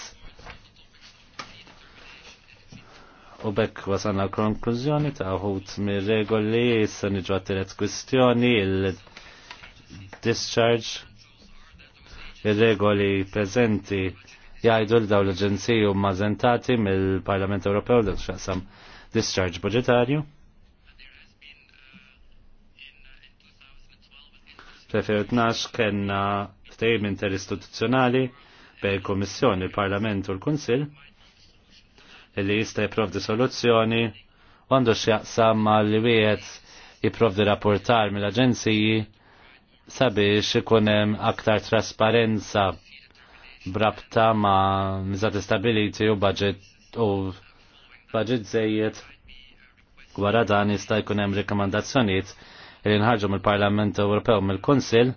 Speaker 1: U bekk wasanna l konklużjoni ta' ħut mir-regoli, s-sanġu għattiret kwistjoni, il- discharge ir-regoli prezenti jgħidu l daw l-Aġenziji u mażentati mill-Parlament Ewropew dak xaqsam discharge budgetarju. fl tnax kena ftejim interistituzzjonali bej il-Kommissjoni, il-Parlament u l-Kunsil li jista' jipprovdi soluzzjoni għandu x'jaqsam ma li wieħed jipprovdi rapportar mill-aġenziji sabiex ikun hemm aktar trasparenza brabta ma' miżat stability u budget u budget żejjed wara dan jista' jkun hemm rekomandazzjonijiet li nħarġu mill-Parlament Ewropew mill-Kunsill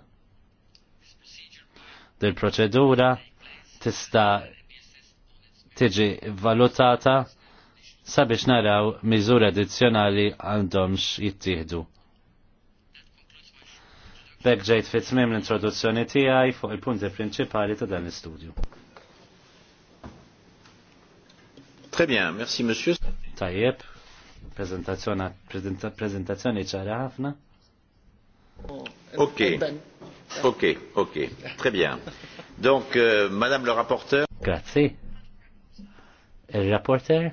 Speaker 1: dil proċedura tista' tiġi valutata sabiex naraw miżuri addizzjonali għandhomx jittieħdu. Bek fitzmim l-introduzzjoni tijaj fuq il-punti principali ta' dan l-istudju. Très bien, merci monsieur. Tajjeb, prezentazzjoni ċara ħafna. Ok, ok, ok, très bien. Donc, euh, madame le rapporteur. Grazie. Il rapporteur?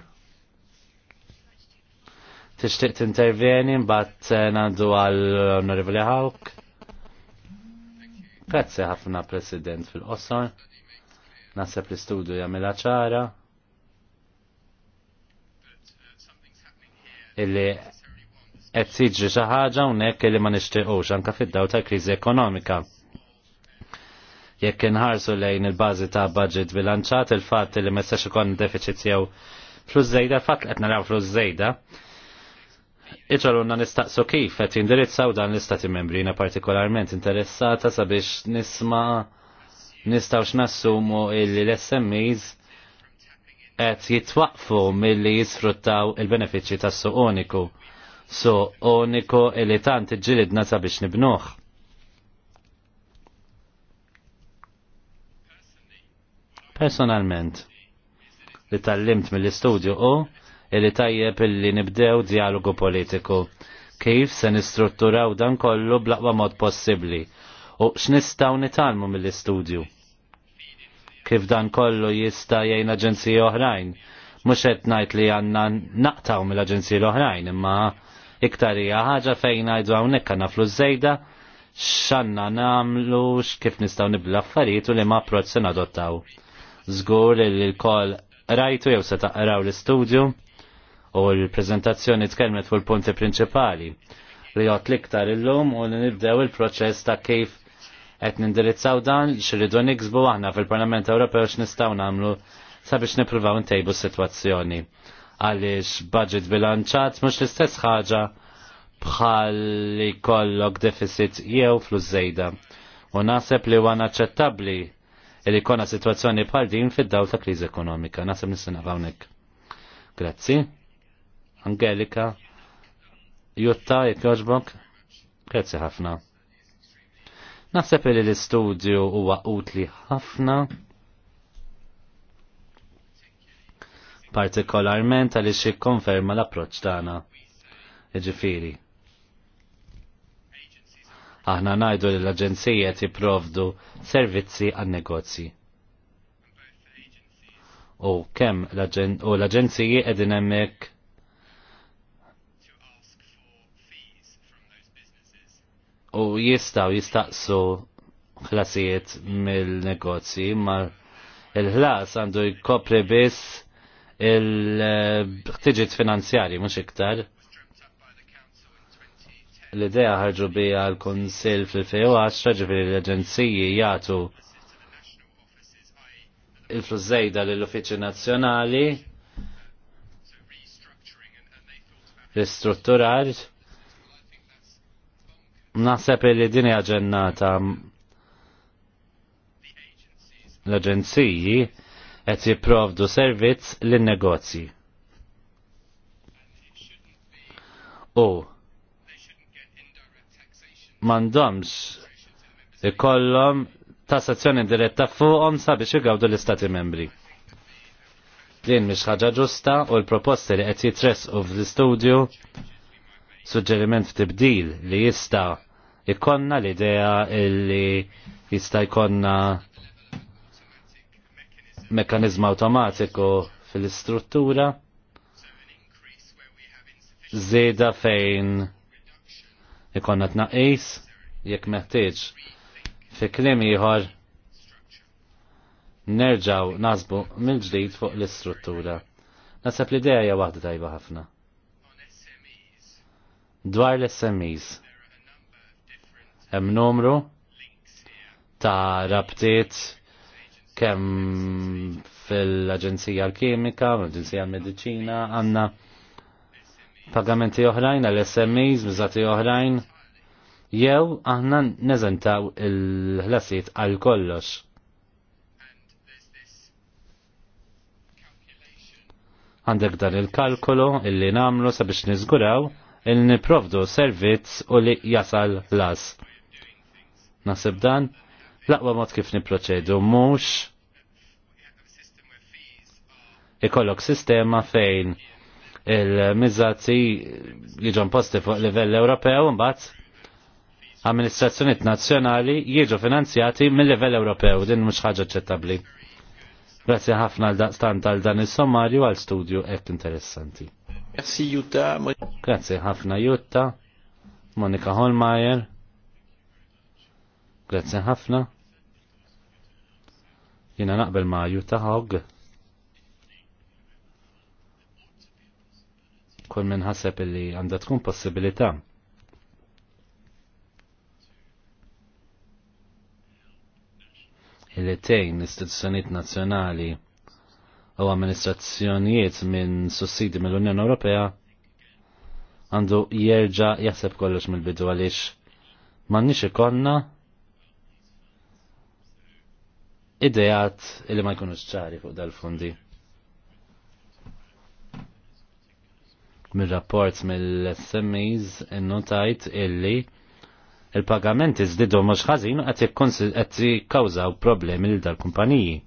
Speaker 1: Tixtieq tinterveni mbagħad ngħaddu għall Onorevoli Hawk. Grazzi ħafna President fil-qosor. Nasab l-istudju jagħmilha ċara. Illi qed tiġri xi ħaġa hawnhekk li ma nixtiequx anke fid-daw ta' kriżi ekonomika. Jekk inħarsu lejn il-bażi ta' budget bilanċat il-fatt li ma jistax ikun deficit jew flus żejda, fatt qed naraw flus żejda, iġalunna nistaqsu kif qed jindirizzaw dan l-istati membrina partikolarment interessata sabiex nisma nistawx nassumu illi l-SMEs qed jitwaqfu milli jisfruttaw il-benefiċċji tas su uniku. Suq uniku illi tant iġġilidna sabiex nibnuh. Personalment, li tallimt mill-istudju u illi tajjeb illi nibdew dialogu politiku. Kif se nistrutturaw dan kollu blaqwa mod possibli u x'nistgħu nitalmu mill-istudju. Kif dan kollu jista' jgħin aġenziji oħrajn, mhux qed ngħid li għandna naqtaw mill-aġenziji l-oħrajn, imma iktar hija ħaġa fejn ngħidu hawnhekk naflu żejda x'għandna nagħmlu x'kif nistgħu nibdu l-affarijiet u li ma approċċ se nadottaw. Żgur li l-kol rajtu jew se taqraw l-istudju u l-prezentazzjoni tkellmet fuq il-punti prinċipali li jgħat liktar illum u li nibdew il-proċess ta' kif qed nindirizzaw dan x'iridu niksbu aħna fil-Parlament Ewropew x'nistgħu nagħmlu sabiex nippruvaw ntejbu s-sitwazzjoni. Għaliex budget bilanċat mhux l-istess ħaġa bħal kollok deficit jew flus żejda. U naħseb li huwa naċċettabbli li jkollna sitwazzjoni bħal din fid-dawl ta' kriżi ekonomika. Naħseb nistenna hawnhekk. Grazzi. Angelika, Jutta, jek joġbok, grazzi ħafna. Naħseb li l-istudju huwa utli ħafna, partikolarment għaliex jikkonferma l-approċċ tagħna. Jiġifieri. Aħna ngħidu li l-aġenzija tipprovdu servizzi għan-negozji u kemm l-aġenziji qegħdin hemmhekk u jistaw jistaqsu ħlasijiet mill-negozji ma il-ħlas għandu jkopri biss il-ħtiġit finanzjari mhux iktar. L-idea ħarġu bija l-Konsil fil-2010 ġifiri l-Aġenziji jagħtu il-flus zejda l uffiċi Nazzjonali ristrutturar Naħseb li din hija ġennata l-aġenziji qed jipprovdu servizz lin-negozji. U m'għandhomx ikollhom tassazzjoni diretta fuqhom sabiex igawdu l-Istati membri. Din mhix ħaġa ġusta u l-proposti li qed jitressqu fl-istudju suġġeriment tibdil li jista' ikonna l-idea li jista' jkonna mekkanizmu awtomatiku fil-istruttura zeda fejn ikonna tnaqis jekk meħtieġ fi kliem ieħor nerġaw nasbu mill-ġdid fuq l-istruttura. Nasab l-ideja hija waħda tajba ħafna dwar l-SMEs. Hemm numru ta' rabtiet kemm fil-Aġenzija l-Kimika, l-Aġenzija l-Medicina, għanna pagamenti oħrajn għal SMEs, miżati oħrajn, jew aħna neżentaw il-ħlasiet għal kollox. Għandek dan il-kalkolo illi namlu sabiex nizguraw il niprovdu servizz u li jasal las. Nasib dan, laqwa mod kif niproċedu mux ikollok sistema fejn il-mizzati jiġu posti fuq livell Ewropew mbagħad amministrazzjonijiet nazzjonali jiġu finanzjati mill-livell Ewropew din mhux ħaġa ċettabli. Grazzi ħafna għal daqstant għal dan is-sommarju għal studju hekk interessanti. Merci Jutta. Grazie ħafna Jutta. Monika Holmeyer. Grazie ħafna. Jina naqbel ma' Jutta Hogg. Kull minn ħaseb li għandha tkun possibilità. Il-tejn istituzzjonijiet nazzjonali u amministrazzjonijiet minn sussidi mill-Unjoni Ewropea għandu jerġa jaħseb kollox mill-bidu għaliex m'għandniex ikonna idejat li ma jkunux ċari fuq dal-fundi. Mir-rapport mill-SMEs innotajt illi il-pagamenti zdidu mhux ħażin qed jikkawżaw problemi lil dal-kumpaniji.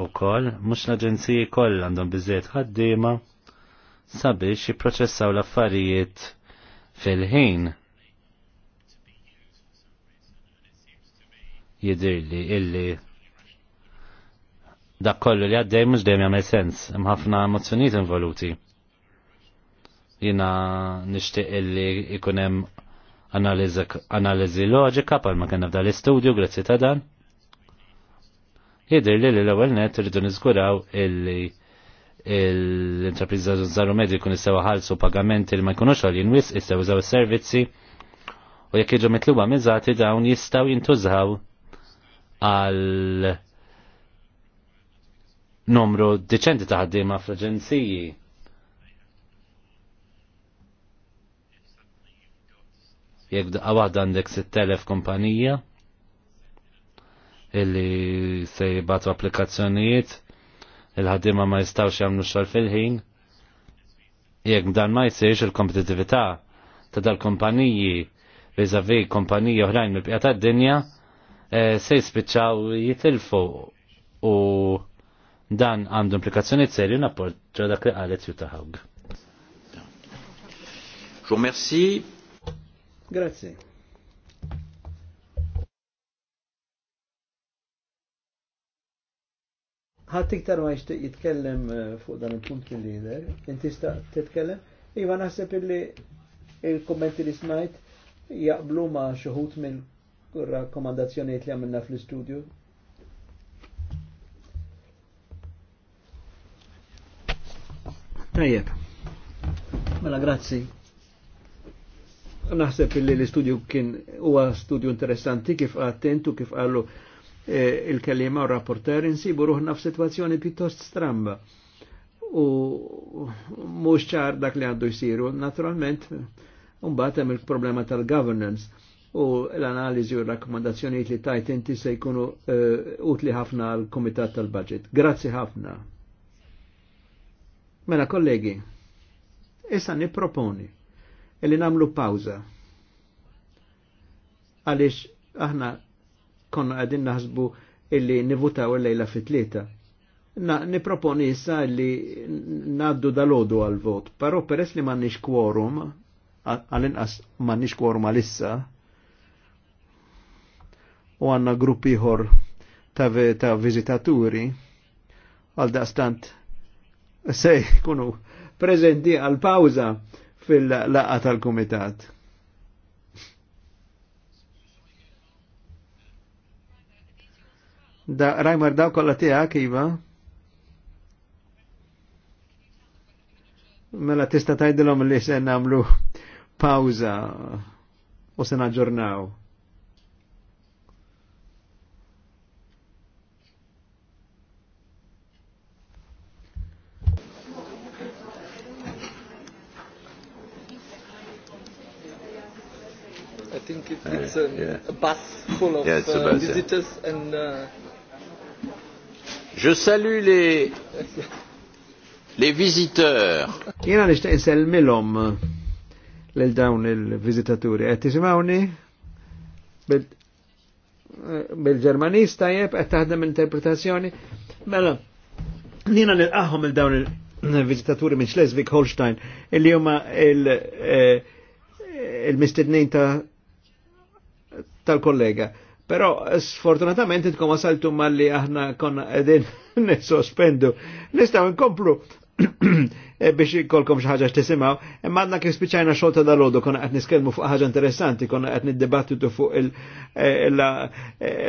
Speaker 1: U kol, mux l-aġenziji koll għandhom bizziet ħaddima sabiex jiproċessaw l-affarijiet fil-ħin. Jidirli illi dak kollu li għaddej mux dejjem jagħmel sens, hemm ħafna emozzjonijiet involuti. Jina nixtieq illi ikun hemm analiżi loġika pal ma kena fdal istudju grazzi ta' dan. Jidir li l-ewwel net rridu niżguraw illi l-intrapriża Zaru Mediku kun issew ħalsu pagamenti li ma jkunux għal jinwis jistaw iżaw is-servizzi u jekk iġu mitluba miżati dawn jistgħu jintużaw għal numru diċenti ta' ħaddiema fl-aġenziji. Jekk daqqa waħda għandek 6,000 kumpanija, illi se jibatu applikazzjonijiet il-ħadima ma jistawx jagħmlu xar fil-ħin. Jekk dan ma jsirx il-kompetitività ta' dal-kumpaniji vizavi kompaniji oħrajn mill pjata tad-dinja eh, se jispiċċaw jitilfu u dan għandu implikazzjoni serju napport ġo dak li qalet Juta
Speaker 2: Grazie. ħadd iktar ma jixtieq jitkellem eh, fuq dan il-punt li lider, inti sta titkellem, iva naħseb illi il-kommenti li smajt jaqblu ma xuħut mill rakkomandazzjonijiet li għamilna fl-istudju. Tajjeb. Mela grazzi. Naħseb illi l-istudju kien huwa studju interessanti kif għattentu kif għallu E, il-kellima u rapporter insibu ruħna f'sitwazzjoni pittost stramba u mhux ċar dak li għandu jsiru. Naturalment, mbagħad hemm il-problema tal-governance u l-analiżi u rakkomandazzjonijiet li tajt inti se jkunu e, utli ħafna għal komitat tal-budget. Grazzi ħafna. Mela kollegi, issa nipproponi. li namlu pawza Għalix aħna konna għadin naħsbu illi nivutaw il-lejla fit-tlieta. Niproponi issa li naddu dal-ħodu għal-vot, però peress li mannix kworum, għal-inqas mannix kworum għal-issa, u għanna gruppi ħor ta', ta vizitaturi, għal-daqstant se kunu prezenti għal-pawza fil-laqqa tal-komitat. Da, Raimar daw kolla tijak, kiva. Mela tista tajdilom li se namlu pauza u se naġġornaw.
Speaker 3: I think it, it's uh, a, yeah. a bus full of yeah, uh, visitors yeah. and uh,
Speaker 2: Je salue les, les visiteurs. Jena nishtiq inselmilhom eh, lil dawn il-viżitaturi. Qed tisimgħuni eh, bil-Ġermanis tajjeb qed taħdem interpretazzjoni. Mela, jiena nilqahom il dawn il-viżitaturi minn Schleswig Holstein illi huma eh, il-mistednin ta' tal-kollega. Pero sfortunatamente intkom wasaltu malli aħna konna edin *laughs* sospendu. Nistaw nkomplu *clears throat* e biex kolkom xaħġa x-tisimaw, imma kif spiċajna xolta dal-ħodu, konna għetni skelmu fuq ħaġa interessanti, konna għetni nid-debattitu fuq il e,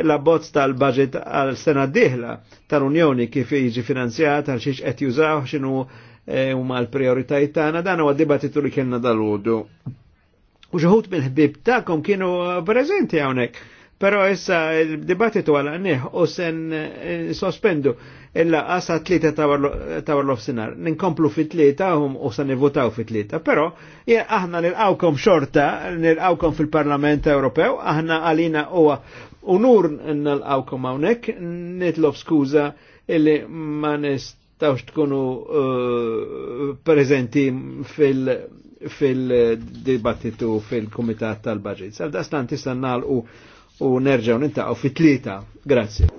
Speaker 2: e, bozz tal-budget għal-sena diħla tal-Unjoni kif jiġi finanzjat, għal xiex għet jużaw, xinu huma l prioritajt tagħna, dan huwa dibattitu li kellna dal-ħodu. U xaħut minn ħbib ta'kom kienu uh, prezenti hawnhekk Pero issa il-dibattitu għal nieħ u sen eh, sospendu illa għasa tlita tawar l-ofsinar. Ninkomplu fit tlita u sen nivutaw fit tlita. Pero aħna nil-għawkom xorta, nil-għawkom fil-Parlament Ewropew, aħna għalina u unur nil-għawkom għawnek, nitlob skuza illi ma nistawx tkunu eh, prezenti fil- fil-dibattitu fil-Komitat tal-Budget. Sal-dastan tista' nalqu u nerġaw nintaqgħu fit-tlieta. Grazzi.